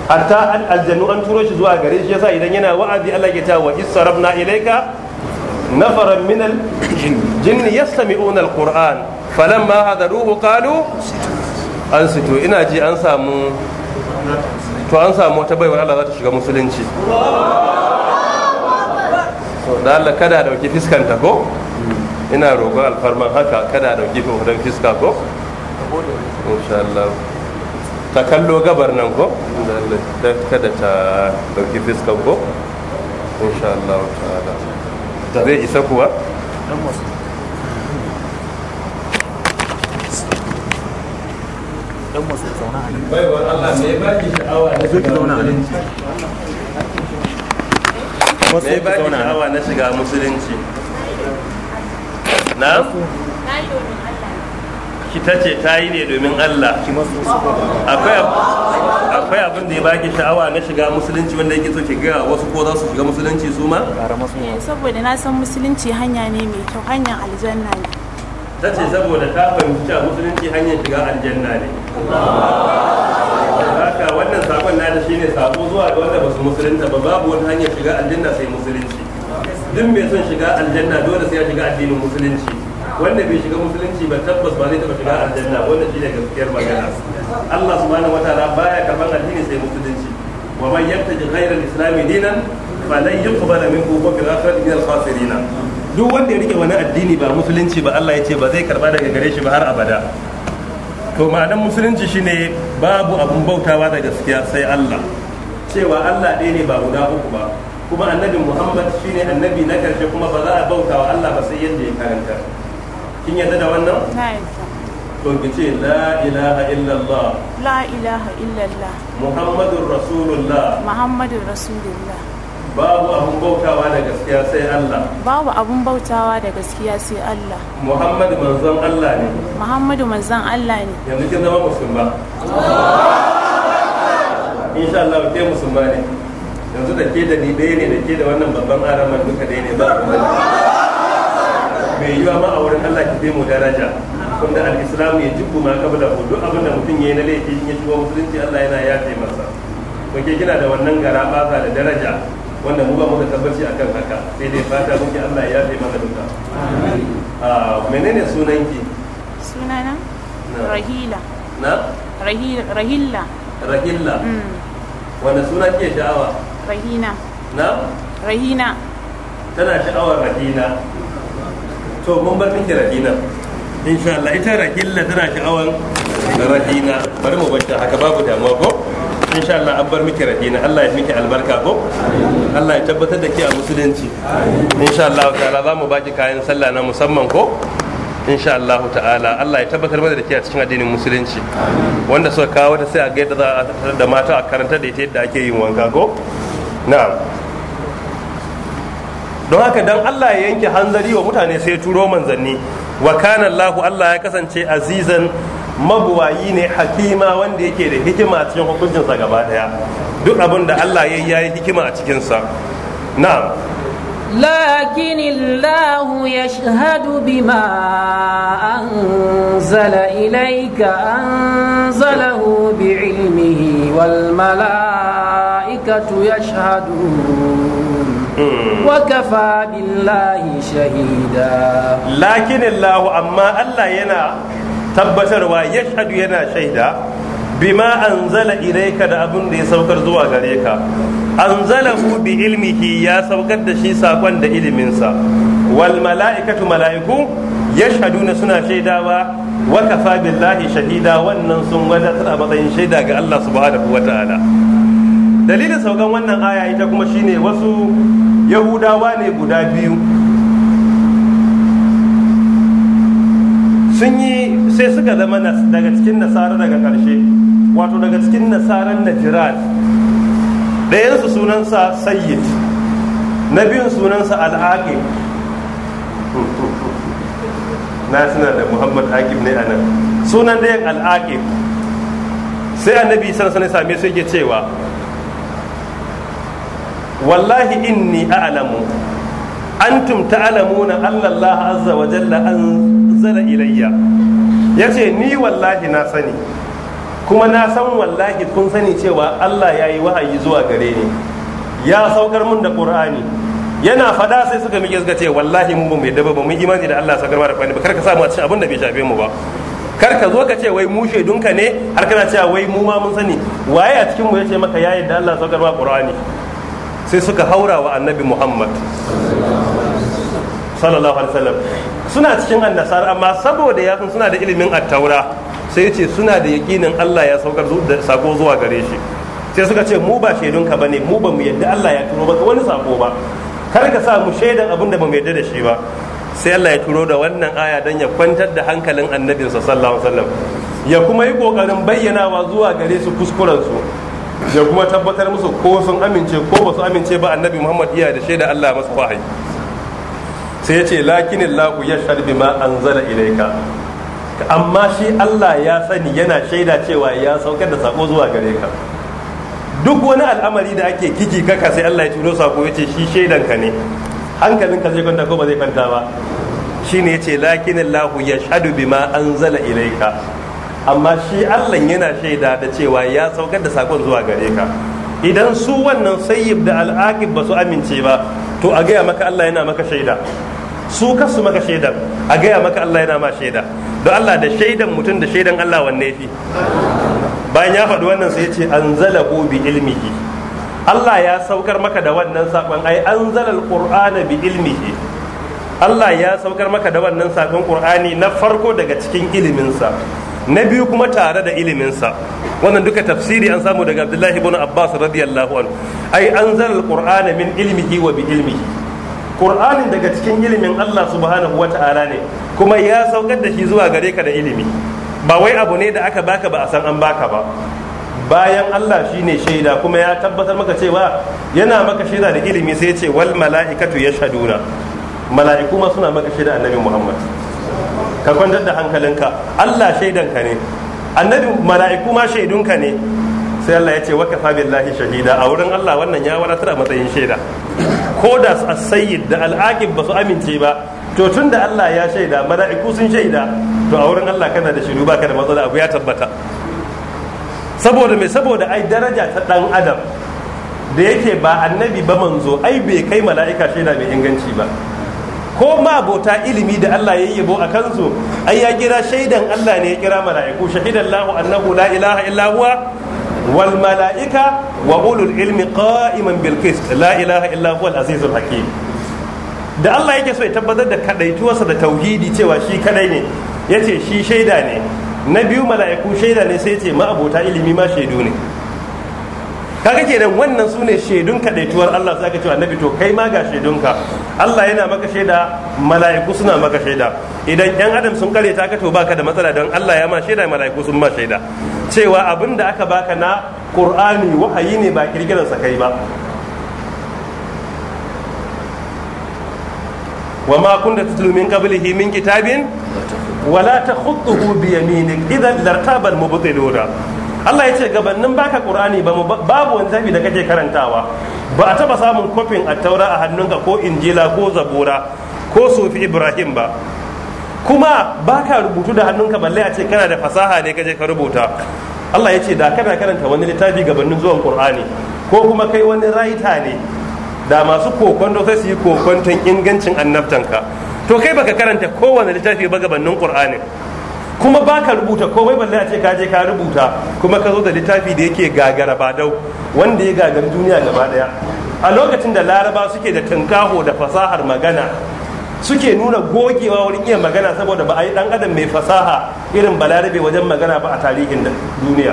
hatta an aljanu an turo shi zuwa gare shi yasa idan yana wa'azi Allah ta wa israbna ilayka nafaran min al jinni yastami'una al-qur'an falamma hadaruhu qalu ansitu ina ji an samu to an samu wata baiwar Allah za ta shiga musulunci so da Allah kada dauki fiskanta ko ina rogo alfarman haka kada ɗauki hoton fiska ko insha Allah ta kallo gabar nan ko kada ta ɗauki fiska ko insha Allah ta'ala zai isa kuwa Mai ba ki a sha'awa na shiga musulunci na ki ta ce ta yi ne domin Allah akwai abin da ya baki sha'awa na shiga musulunci wanda yake so ki ga wasu ko za su shiga musulunci su ma eh, saboda na san musulunci hanya ne mai kyau hanyar aljanna ne ta ce saboda ta fahimci a musulunci hanyar shiga aljanna ne haka wannan sakon na da shine sako zuwa ga wanda ba su musulunta ba babu wani hanyar shiga aljanna sai musulunci duk mai son shiga aljanna dole sai ya shiga addinin musulunci wanda bai shiga musulunci ba tabbas ba zai taba shiga aljanna wanda ne gaskiyar magana Allah subhanahu wataala baya karban addini sai musulunci wa man yattaji ghayra al-islam dinan falan yuqbala minhu wa fil akhirati min al-khasirin duk wanda ya rike wani addini ba musulunci ba Allah ya ce ba zai karba daga gare shi ba har abada to ma'anar musulunci shine babu abun bautawa da gaskiya sai Allah cewa Allah ɗaya ne ba guda uku ba kuma annabi muhammad shine annabi na karshe kuma ba za a bauta wa allah ba sai yadda ya karanta kin yadda da wannan to ki ce la ilaha illallah la ilaha illallah muhammadur rasulullah muhammadur rasulullah babu abun bautawa da gaskiya sai Allah babu abun bautawa da gaskiya sai Allah Muhammadu manzon Allah ne Muhammadu manzon Allah ne yanzu kin zama musulma insha Allah ke musulma ne yanzu da ke da ni ɗaya ne da ke da wannan babban araman duka ɗaya ne ba mai yiwa ma a wurin Allah ki mu daraja kun da al-islamu ya jibbu ma kabla da hudu abin da mutum yi na laifi in ya shigo musulunci Allah yana ce masa ko ke kina da wannan gara baza da daraja wanda mu ba mu da tabbaci akan haka sai dai fata muke Allah ya ce mana duka a ah, menene sunanki sunana rahila na rahila rahila mm. wanda suna ke sha'awa rahina na rahina tana sha'awar rahina to mun bar miki rahina insha Allah ita rahilla tana sha'awar rahina bari mu bacci haka babu damuwa ko insha Allah an bar miki rahina Allah ya miki albarka ko Allah ya tabbatar da ke a musulunci insha Allah ta'ala za mu baki kayan sallah na musamman ko insha Allah ta'ala Allah ya tabbatar mana da ke a cikin addinin musulunci wanda suka kawo ta sai a gaida za a da mata a karanta da ita yadda ake yin wanka ko na'am don haka dan Allah ya yanke hanzari wa mutane sai turo manzanni wa kana Allah Allah ya kasance azizan mabuwayi ne hakima wanda yake da hikima a cikin hukuncinsa gaba daya duk abin da Allah ya yi hikima a cikinsa na'am لكن الله يشهد بما أنزل إليك أنزله بعلمه والملائكة الملائكة يشهدون hmm. وكفى بالله شهيدا لكن الله أما yana shaida, تبتر يشهد ينا شهيدا bima anzala ilaika da abun da ya saukar zuwa gare ka anzalahu bi ilmihi ya saukar da shi sakon da iliminsa wal mala'ikatu mala'iku yashhaduna suna shaidawa wa kafa billahi shahida wannan sun wadatar a matsayin shaida ga Allah subhanahu wataala dalilin saukan wannan aya ita kuma shine wasu yahudawa ne guda biyu sun yi sai suka zama daga cikin nasara daga ƙarshe wato daga cikin nasaran najirat ɗayansu sunansa sayyid na biyun sunansa al'aƙi na suna da muhammad aqib ne anan sunan ɗayan al'aƙi sai annabi san sane same su yake cewa wallahi inni a'lamu antum ta'lamuna anna Allah azza wa jalla anzala ilayya yace ni wallahi na sani kuma na san wallahi kun sani cewa Allah ya yi wahayi zuwa gare ni ya saukar mun da Qur'ani yana fada sai suka miƙe suka ce wallahi mun ba mai yadda ba mun imani da Allah saukar da ba kar ka sa mu a cikin abin da bai shafe mu ba kar ka zo ka ce wai mu shaidunka ne har kana cewa wai mu ma mun sani waye a cikin mu yace maka ya yadda Allah saukar ma Qur'ani sai suka haura wa annabi muhammad sallallahu alaihi wasallam suna cikin annasar amma saboda ya san suna da ilimin attaura sai ce suna da yakinin Allah ya saukar da sako zuwa gare shi sai suka ce mu ba shaidunka bane mu ba mu yadda Allah ya turo ba wani sako ba kar ka sa mu shaidan abin da ba mu yadda da shi ba sai Allah ya turo da wannan aya dan ya kwantar da hankalin annabinsa sallallahu alaihi wasallam ya kuma yi kokarin wa zuwa gare su kuskuren su ya kuma tabbatar musu ko sun amince ko ba su amince ba annabi muhammad iya da shaida allah masu wahayi sai ya ce lakinin lahu ya sharbi ma an zala ilaika amma shi allah ya sani yana shaida cewa ya saukar da sako zuwa gare ka duk wani al'amari da ake kiki kaka sai allah ya turo sako ya ce shi shaidan ka ne hankalin ka zai kwanta ko ba zai kwanta ba shine ya ce lakinin lahu ya sharbi ma an zala ilaika amma shi Allah yana shaida da cewa ya saukar da sakon zuwa gare ka idan su wannan sayyib da al'aqib ba su amince ba to a gaya maka Allah yana maka shaida su kasu maka shaida a gaya maka Allah yana ma shaida don Allah da shaidan mutum da shaidan Allah wanne fi bayan ya faɗi wannan sai ce an zala bi ilmihi Allah ya saukar maka da wannan saƙon ai an zala alƙur'ana bi ilmihi Allah ya saukar maka da wannan saƙon ƙur'ani na farko daga cikin iliminsa na biyu kuma tare da iliminsa wannan duka tafsiri an samu daga abdullahi ibn abbas radiyallahu anhu ai anzal alqur'ana min ilmihi wa bi ilmihi qur'anin daga cikin ilimin allah subhanahu wa ta'ala ne kuma ya saukar da shi zuwa gare ka da ilimi ba wai abu ne da aka baka ba a san an baka ba bayan Allah shine shaida kuma ya tabbatar maka cewa yana maka shaida da ilimi sai ya ce wal mala'ikatu yashhaduna mala'iku ma suna maka shaida annabi Muhammad ka kwantar da hankalinka Allah shaidanka ne annabi mala'iku ma shaidunka ne sai Allah ya ce wa kafa billahi shahida a wurin Allah wannan ya wadatar a matsayin shaida ko da as-sayyid da al ba su amince ba to tun da Allah ya shaida mala'iku sun shaida to a wurin Allah kana da shiru ka da matsala abu ya tabbata saboda mai saboda ai daraja ta dan adam da yake ba annabi ba manzo ai bai kai mala'ika shaida mai inganci ba ko ma bauta ilimi da Allah ya yi yabo a kansu ai ya kira shaidan Allah ne ya kira mala'iku shahidallahu annahu la ilaha illa huwa wal mala'ika wa ulul ilmi qa'iman bil qist la ilaha illa huwa al azizul hakim da Allah yake so ya tabbatar da kadaituwarsa da tauhidi cewa shi kadai ne yace shi shaida ne na biyu mala'iku shaida ne sai ce ma abota ilimi ma shaidu ne kaga kenan wannan su ne shaidun kadaituwar Allah sai ka ce annabi to kai ma ga shaidunka Allah yana maka shaida mala'iku suna maka shaida idan yan adam sun kare ta ka to baka da matsala dan Allah ya ma shaida mala'iku sun ma shaida cewa abin da aka baka na Qur'ani wahayi ne ba kirkiran sa kai ba wa ma kunta tatlu min qablihi min kitabin wala takhutuhu bi yaminik idan lartabal mubtiluna Allah ya ce gabanin baka Qur'ani ba babu wani zabi da kake karantawa ba a taba samun kofin taura a hannunka ko injila ko zabura ko sufi Ibrahim ba kuma baka rubutu da hannunka balle a ce kana da fasaha ne kaje ka rubuta Allah ya ce da kana karanta wani littafi gabanin zuwan Qur'ani ko kuma kai wani raita ne da masu kokonto sai su yi kokonton ingancin annabtanka to kai baka karanta kowane littafi ba gabanin Qur'anin kuma ba ka rubuta komai balle a ce ka je ka rubuta kuma ka zo da littafi da yake gagara dau wanda ya gagari duniya gaba daya a lokacin da laraba suke da tunkaho da fasahar magana suke nuna gogewa wurin iya magana saboda ba a yi dan adam mai fasaha irin balarabe wajen magana ba a tarihin duniya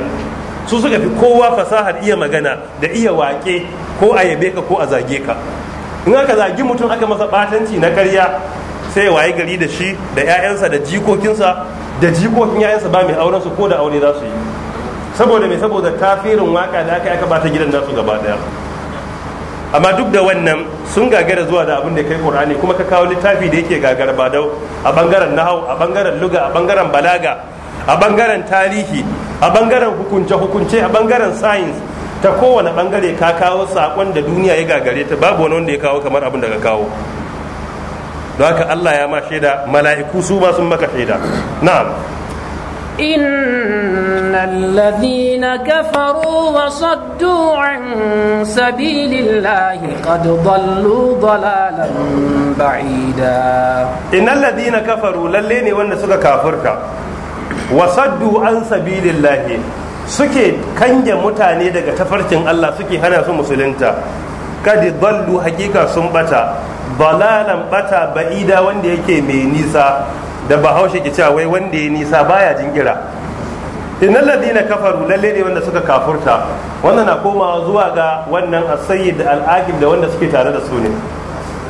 su suka fi kowa fasahar iya magana da iya wake ko a yabe ka ko a zage ka in aka zagi mutum aka masa batanci na karya sai waye gari da shi da 'ya'yansa da jikokinsa da jikokin yayansa ba mai auren su ko da aure za su yi saboda mai saboda tafirin waka da aka aka bata gidan nasu gaba daya amma duk da wannan sun gagara zuwa da abin da kai qur'ani kuma ka kawo littafi da yake gagara ba dau a bangaren nahau a bangaren luga a bangaren balaga a bangaren tarihi a bangaren hukunce hukunce a bangaren science ta kowane bangare ka kawo sakon da duniya ya gagare ta babu wani wanda ya kawo kamar abin da ka kawo don haka Allah ya ma shaida mala'iku su ba sun maka shaida na'am innal ladhin kafaru wa saddu an sabilillahi qad dallu dalalan ba'ida innal ladhin kafaru lallai ne wanda suka kafirta wa saddu an sabilillahi suke kange mutane daga tafarkin Allah suke hana su musulunta kadi dallu hakika sun ɓata. balalan bata ba'ida wanda yake mai nisa da bahaushe ke cewa wai wanda ya nisa baya jingira innal ladina kafaru lalle ne wanda suka kafurta wannan na komawa zuwa ga wannan as-sayyid al-aqib da wanda suke tare da su ne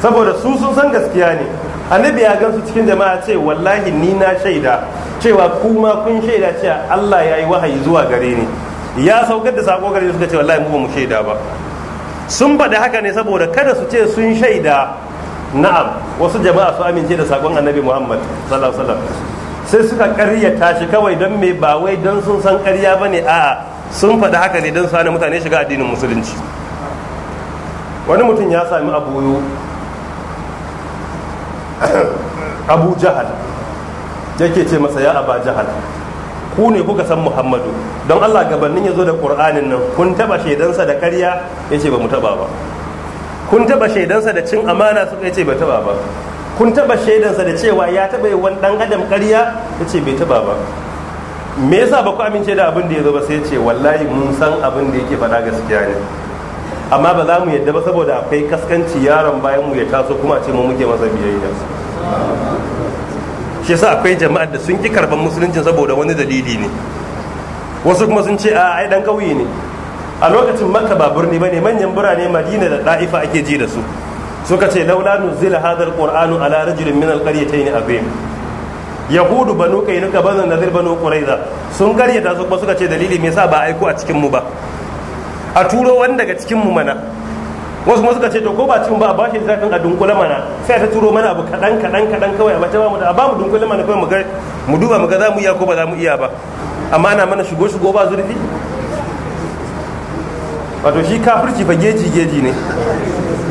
saboda su sun san gaskiya ne annabi ya gansu cikin jama'a ce wallahi ni na shaida cewa kuma kun shaida cewa Allah ya yi wahayi zuwa gare ni ya saukar da sako gare suka ce wallahi mu ba mu shaida ba sun faɗi haka ne saboda kada su ce sun shaida na'am wasu jama'a su amince da sakon annabi muhammad sallallahu alaihi wasallam sai suka karyata shi kawai don me ba wai don sun san karya ba ne a sun faɗi haka ne don sani mutane shiga addinin musulunci wani mutum ya sami abu abu jahal yake ce masa ya aba jahal ku ne kuka san muhammadu don allah gabanin ya zo da ƙur'anin nan kun taɓa shaidansa da karya ya ce ba mu taɓa ba kun taba shaidansa da cin amana suka ce bai taba ba kun taba shaidansa da cewa ya taba yi wani dan adam karya ya ce bai taba ba me yasa ba ku amince da abin da ya zo ba sai ce wallahi mun san abin da yake faɗa gaskiya ne amma ba za mu yadda ba saboda akwai kaskanci yaron bayan mu ya taso kuma ce mu muke masa biyayya shi yasa akwai jama'ar da sun ki karban musuluncin saboda wani dalili ne wasu kuma sun ce a ai dan kauye ne a lokacin makka ba birni bane manyan birane madina da da'ifa ake ji da su suka ce laula nuzila hadha alqur'anu ala rajulin min alqaryatayn abim yahudu banu kainuka banu nadir banu quraiza sun karyata su kuma suka ce dalili me yasa ba aiko a cikin mu ba a turo wani daga cikin mu mana wasu kuma suka ce to ko ba cikin ba a bashi zakan a dunkule mana sai ta turo mana abu kadan kadan kadan kawai a mace ba mu da ba mu dunkule mana kawai mu duba mu ga za mu iya ko ba za mu iya ba amma ana mana shigo shigo ba zurfi wato shi kafirci fa geji geji ne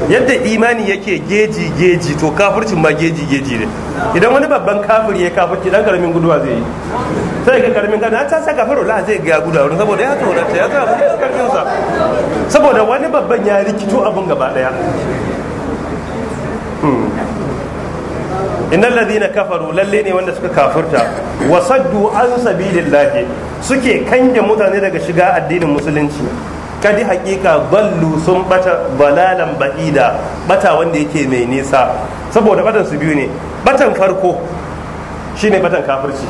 yadda imani yake geji geji to kafirci ma geji geji ne idan wani babban kafir ya kafirci dan karamin guduwa zai yi sai ga karamin guduwa ah, ta sa kafiru la zai ga guduwa wurin saboda ya tsorata ya tsaya ya karfin sa saboda wani babban ya rikito abun gaba daya hmm. innal ladina kafaru lalle ne wanda suka kafirta wasaddu an sabilillahi suke kanje mutane daga shiga addinin musulunci kadi hakika ballu sun bata balalan ba'ida bata wanda yake mai nisa saboda batan su biyu ne batan farko shine batan kafirci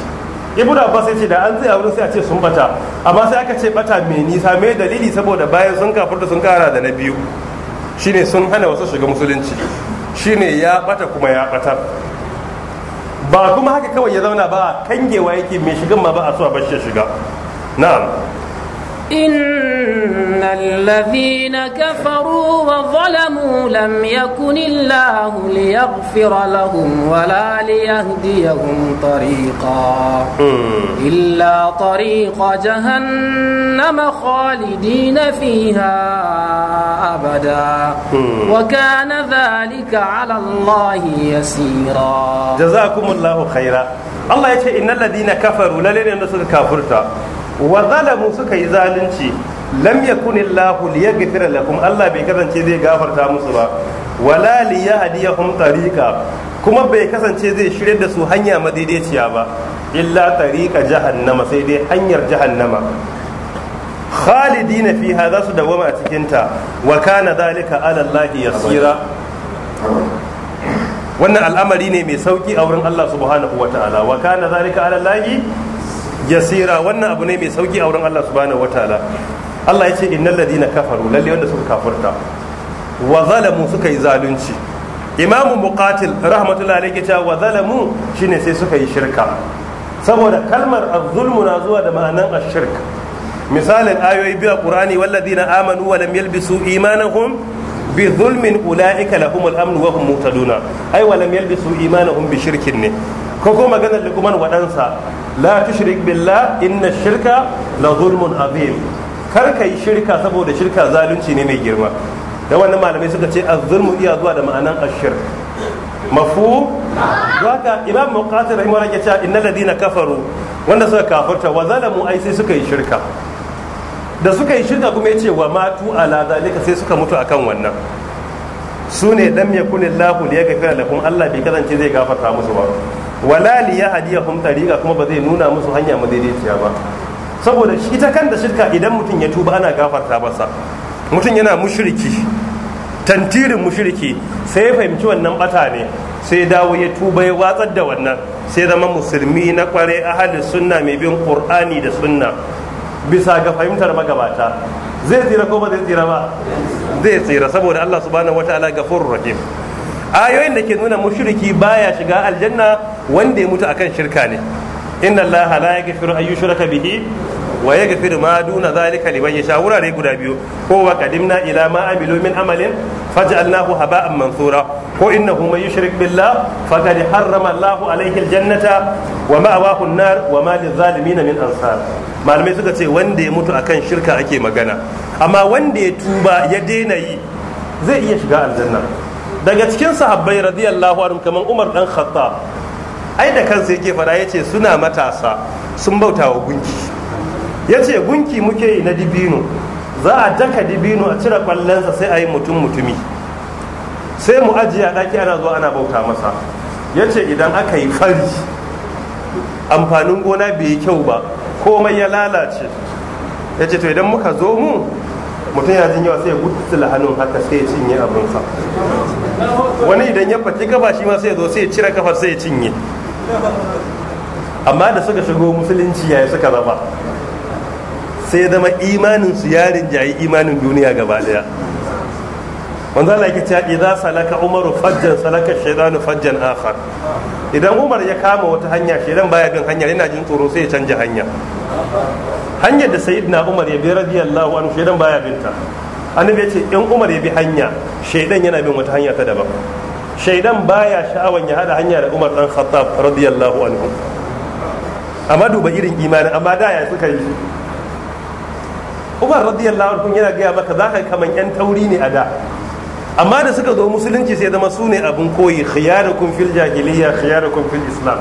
ibn abbas ya ce da an tsaya wurin sai a ce sun bata amma sai aka ce bata mai nisa mai dalili saboda bayan sun kafirta sun kara da na biyu shine sun hana wasu shiga musulunci shine ya bata kuma ya batar ba kuma haka kawai ya zauna ba kangewa yake mai shigan ma ba a so a bashi shiga na'am إن الذين كفروا وظلموا لم يكن الله ليغفر لهم ولا ليهديهم طريقا إلا طريق جهنم خالدين فيها أبدا وكان ذلك على الله يسيرا جزاكم الله خيرا الله يقول إن الذين كفروا لا لن ينسوا كافرتا wa zalamu suka yi zalunci lam yakunillahu liyaghfira lakum Allah bai kasance zai gafarta musu ba wala liyahdiyahum tariqa kuma bai kasance zai shirye da su hanya madaidaiciya ba illa tariqa jahannama sai dai hanyar jahannama khalidina fiha za su dawama a cikin ta wa kana zalika ala Allah yasira wannan al'amari ne mai sauki a wurin Allah subhanahu wa ta'ala wa kana zalika ala Allah yasira wannan abu ne mai sauki a wurin Allah subhanahu wataala Allah ya ce innal ladina kafaru lalle wanda suka kafurta wa zalamu suka yi zalunci imamu muqatil rahmatullahi alayhi ya ce wa zalamu shine sai suka yi shirka saboda kalmar az-zulmu na zuwa da ma'anan ash-shirk misalin ayoyi biyu a qur'ani walladina amanu wa lam yalbisu imanahum bi zulmin ulaika lahumul amnu, wa hum muhtaduna ay wa lam yalbisu imanahum bi shirkin ne ko kuma maganar kuma waɗansa la tushrik billah inna shirka la zulmun azim kar ka yi shirka saboda shirka zalunci ne mai girma da wannan malamai suka ce az-zulmu iya zuwa da ma'anan ashir mafu zaka imam muqatil rahimahu ya ce innal ladina kafaru wanda suka kafarta wa zalamu ai sai suka yi shirka da suka yi shirka kuma yace wa matu ala zalika sai suka mutu akan wannan su ne lam yakunillahu liyagfira lakum Allah bai kasance zai gafarta musu ba wala li yahdiyahum tariqa kuma ba zai nuna musu hanya madaidaiciya ba saboda ita kanta shirka idan mutum ya tuba ana gafarta masa mutum yana mushriki tantirin mushriki sai ya fahimci wannan bata ne sai dawo ya tuba ya watsar da wannan sai zama musulmi na kware ahalin sunna mai bin qur'ani da sunna bisa ga fahimtar magabata zai tsira ko ba zai tsira ba zai tsira saboda Allah subhanahu wataala gafurur rahim ayoyin da ke nuna mushriki baya shiga aljanna wanda ya mutu akan shirka ne inna allaha la yaghfiru an yushraka bihi wa yaghfiru ma duna zalika liman yasha wurare guda biyu ko wa qadimna ila ma amilu min amalin faj'alnahu haba'an mansura ko innahu man yushrik billah faqad harrama allahu alayhi aljannata wa ma'awahu an-nar wa ma lizalimin min ansar malamai suka ce wanda ya mutu akan shirka ake magana amma wanda ya tuba ya daina yi zai iya shiga aljanna daga cikin sahabbai radiyallahu anhu kamar umar dan khattab ai da kansa yake faɗa yace suna matasa sun bauta wa gunki yace gunki muke yi na dibino za a daka dibino a cire kwallonsa sai a yi mutum mutumi sai mu ajiye a ɗaki ana zuwa ana bauta masa yace idan aka yi fari amfanin gona bai yi kyau ba komai ya lalace yace to idan muka zo mu mutum ya jin yawa sai ya gutsula hannun haka sai ya cinye abinsa wani idan ya fati kafa shi ma sai ya zo sai cire kafar sai ya cinye amma da suka shigo musulunci yayi suka zama sai zama imanin su ya rinjayi imanin duniya gaba daya wanda Allah yake cewa idza salaka umaru fajjan salaka shaytanu fajjan akhar idan umar ya kama wata hanya shedan baya bin hanya yana jin tsoro sai ya canja hanya hanyar da na umar ya bi radiyallahu anhu shaidan baya binta annabi ya ce in umar ya bi hanya shaidan yana bin wata hanya ta daban shaidan baya sha'awan ya hada hanya da umar dan khattab radiyallahu anhu amma duba irin imanin amma da ya suka yi umar radiyallahu anhu yana gaya maka za ka kaman yan tauri ne a da amma da suka zo musulunci sai zama su ne abin koyi khiyarukum fil jahiliya khiyarukum fil islam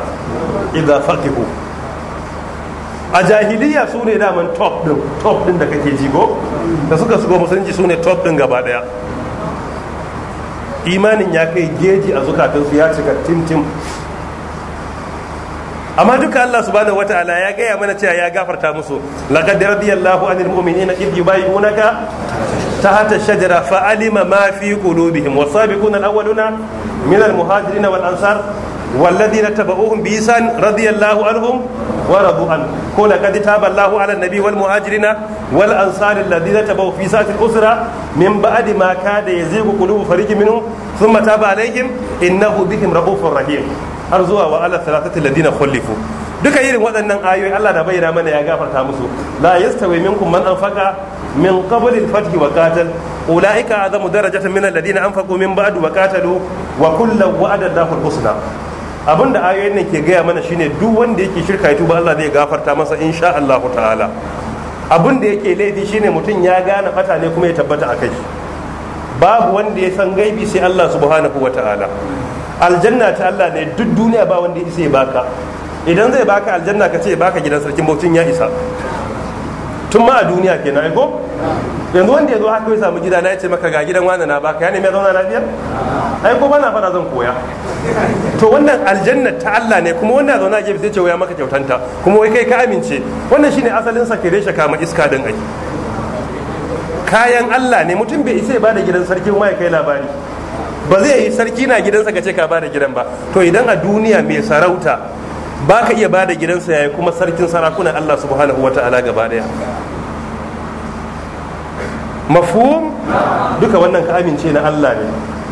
idza faqihu a jahiliya su ne daman top din top din da kake ji ko da suka shigo musulunci su ne top din gaba daya imanin ya kai geji a zukatunsu ya cika tim amma duka Allah subhanahu wataala ya gaya mana cewa ya gafarta musu laqad radiyallahu anil mu'minina idh yubayyunaka tahta shajara fa alima ma fi qulubihim wasabiquna alawwaluna min almuhajirin wal ansar والذين تبعوهم بإحسان رضي الله عنهم ورضوا عنه قل قد تاب الله على النبي والمهاجرين والأنصار الذين تبعوا في ساعة الأسرة من بعد ما كاد يزيغ قلوب فريق منهم ثم تاب عليهم إنه بهم رؤوف رحيم أرزوا وعلى الثلاثة الذين خلفوا duka irin waɗannan ayoyi Allah da bayyana mana ya gafarta musu la yastawi minkum man anfaqa min qabl al-fath wa qatal ulaika azamu darajatan min alladhina anfaqu min ba'd wa qatalu wa kullu wa'ada Allahu al-husna abin da ayoyin nan ke gaya mana shine duk wanda yake shirka ya tuba Allah zai gafarta masa insha Allah ta'ala abin da yake laifi shine mutum ya gane fata ne kuma ya tabbata a kai babu wanda ya san gaibi sai Allah subhanahu wa ta'ala aljanna ta Allah ne duk duniya ba wanda ya isa ya baka idan zai baka aljanna ka ce baka gidan sarkin bautin ya isa tun ma a duniya kenan aiko yanzu wanda ya zo haka ya mu gida na ya ce maka ga gidan wani na baka ya nemi zauna lafiya aiko ba na fara zan koya to wannan aljanna ta Allah ne kuma ya zauna gefe sai ce waya maka kyautanta kuma wai kai ka amince wannan shine asalin sa kire shi kama iska dan ai kayan Allah ne mutum bai isa ya bada gidan sarki kuma ya kai labari ba zai yi sarki na gidansa ka ce ka bada gidan ba to idan a duniya mai sarauta ba ka iya ba da gidansa yayi kuma sarkin sarakunan Allah subhanahu wa ta'ala gaba daya mafhum duka wannan ka amince na Allah ne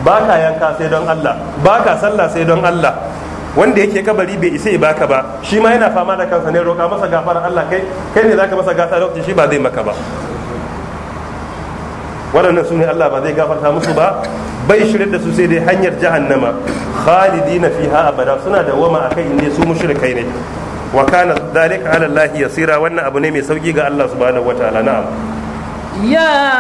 ba ka yanka sai don Allah ba ka sallah sai don Allah wanda yake kabari bai isa ya baka ba shi ma yana fama da kansa ne roƙa masa gafara Allah kai kai ne zaka masa gasa lokacin shi ba zai maka ba waɗannan su ne Allah ba zai gafarta musu ba bai shirya da su sai dai hanyar jahannama khalidina fiha abada suna da wama kai inda su mushrikai ne wa kana dhalika ala Allah yasira wannan abu ne mai sauki ga Allah subhanahu wataala na'am يا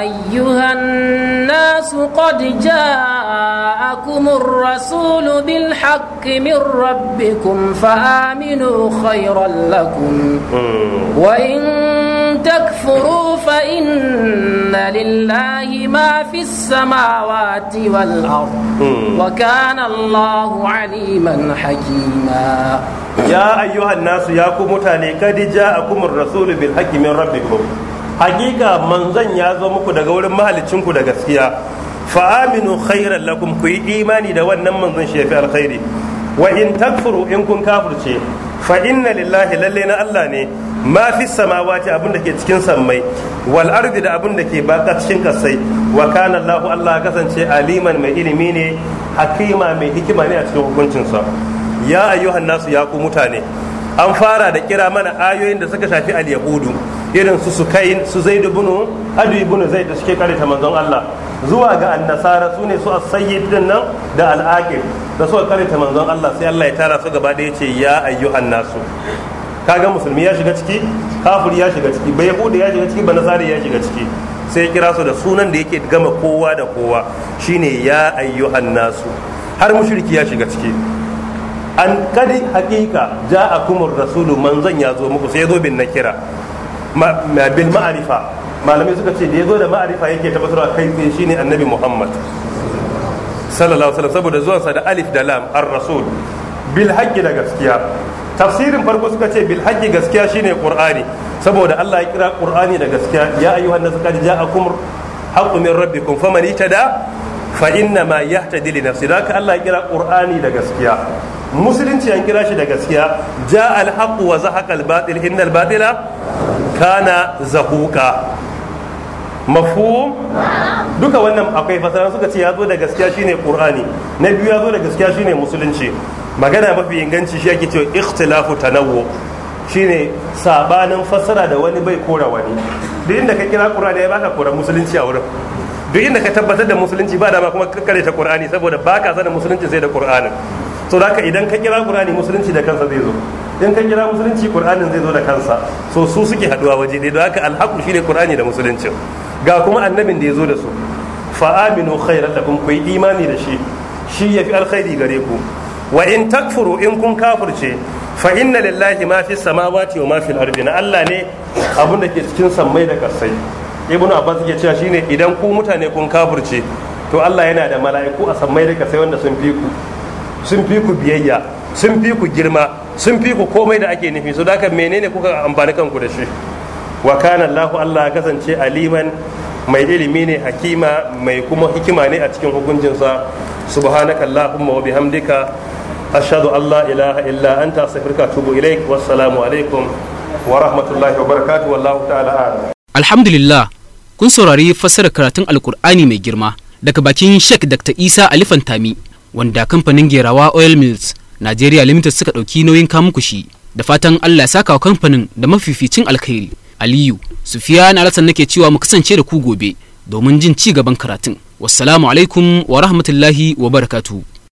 أيها الناس قد جاءكم الرسول fa aminu ربكم فآمنوا خيرا wa in takfuru. إن لله ما في السماوات والأرض hmm. وكان الله عليما حكيما يا أيها الناس يا كمتاني قد جاءكم الرسول بالحق من ربكم hakika manzon ya zo muku daga wurin mahalicinku da gaskiya fa aminu khairan lakum ku yi imani da wannan manzon shafi alkhairi wa in takfuru in kun kafirce fa inna lillahi lalle na Allah ne ma fi samawati abin da ke cikin sammai wal ardi da abin da ke baka cikin kasai wa kana Allahu Allah kasance aliman mai ilimi ne hakima mai hikima ne a cikin hukuncinsa ya ayyuhan nasu ya ku mutane an fara da kira mana ayoyin da suka shafi al-yahudu irin su su kai su zaidu bunu adu ibnu zaid da suke karanta manzon Allah zuwa ga annasara su ne su as-sayyid din nan da al-aqil da suka karanta manzon Allah sai Allah ya tara su gaba da yace ya ayyuhan nasu kaga musulmi ya shiga ciki kafiri ya shiga ciki bai yahudu ya shiga ciki ba nasara ya shiga ciki sai kira su da sunan da yake gama kowa da kowa shine ya ayyuhan nasu har mushriki ya shiga ciki an kadi haƙiƙa ja a kumar rasulu manzon ya zo muku sai ya zo bin na kira bil ma'arifa malamai suka ce da ya zo da ma'arifa yake tabbatarwa kai tsaye shine annabi muhammad sallallahu alaihi saboda zuwan zuwansa da alif da lam ar rasul bil haqqi da gaskiya tafsirin farko suka ce bil haqqi gaskiya shine qur'ani saboda Allah ya kira qur'ani da gaskiya ya ayyuhan nasu qad ja'akum haqqu min rabbikum faman itada fa inna ma yahtadi li nafsi da Allah ya kira qur'ani da gaskiya musulunci an kira shi da gaskiya ja alhaq wa zahaqal batil innal batila kana zahuqa mafhum duka wannan akwai fasara suka ce ya zo da gaskiya shine qur'ani na biyu ya zo da gaskiya shine musulunci magana mafi inganci shi ake cewa ikhtilafu tanawwu shine sabanin fasara da wani bai kora wani duk inda ka kira qur'ani ya baka kora musulunci a wurin duk inda ka tabbatar da musulunci ba da ma kuma kare ta qur'ani saboda baka sanin musulunci sai da qur'anin so da idan ka kira qur'ani musulunci da kansa zai zo in ka kira musulunci qur'anin zai zo da kansa so su suke haduwa waje ɗaya don haka alhaqu shine qur'ani da musulunci ga kuma annabin da ya zo da su fa aminu khairan lakum ku imani da shi shi yafi alkhairi gare ku wa in takfuru in kun kafirce fa inna lillahi ma fi samawati wa ma al ardi na Allah ne abun da ke cikin sammai da kasai ibn abbas ya cewa shine idan ku mutane kun kafirce to Allah yana da mala'iku a sammai da kasai wanda sun fi ku sun fi ku biyayya sun fi ku girma sun fi ku komai da ake nufi so da haka menene kuka amfani kanku da shi wa kana Allah Allah kasance aliman mai ilimi ne hakima mai kuma hikima ne a cikin hukuncinsa subhanaka allahumma wa bihamdika ashhadu an la ilaha illa anta astaghfiruka wa atubu ilaik wassalamu alaikum wa rahmatullahi wa barakatuh wallahu ta'ala alhamdulillah kun saurari fassarar karatun alkur'ani mai girma daga bakin Sheikh Dr. Isa Alifantami wanda kamfanin gerawa oil mills Nigeria Limited suka ɗauki nauyin kamukushi da fatan Allah ya saka wa kamfanin da mafificin alkhairi. Aliyu, Sufiya na alasan nake cewa mu kasance da ku gobe domin jin ci gaban karatun. Wassalamu alaikum wa rahmatullahi wa barakatuhu.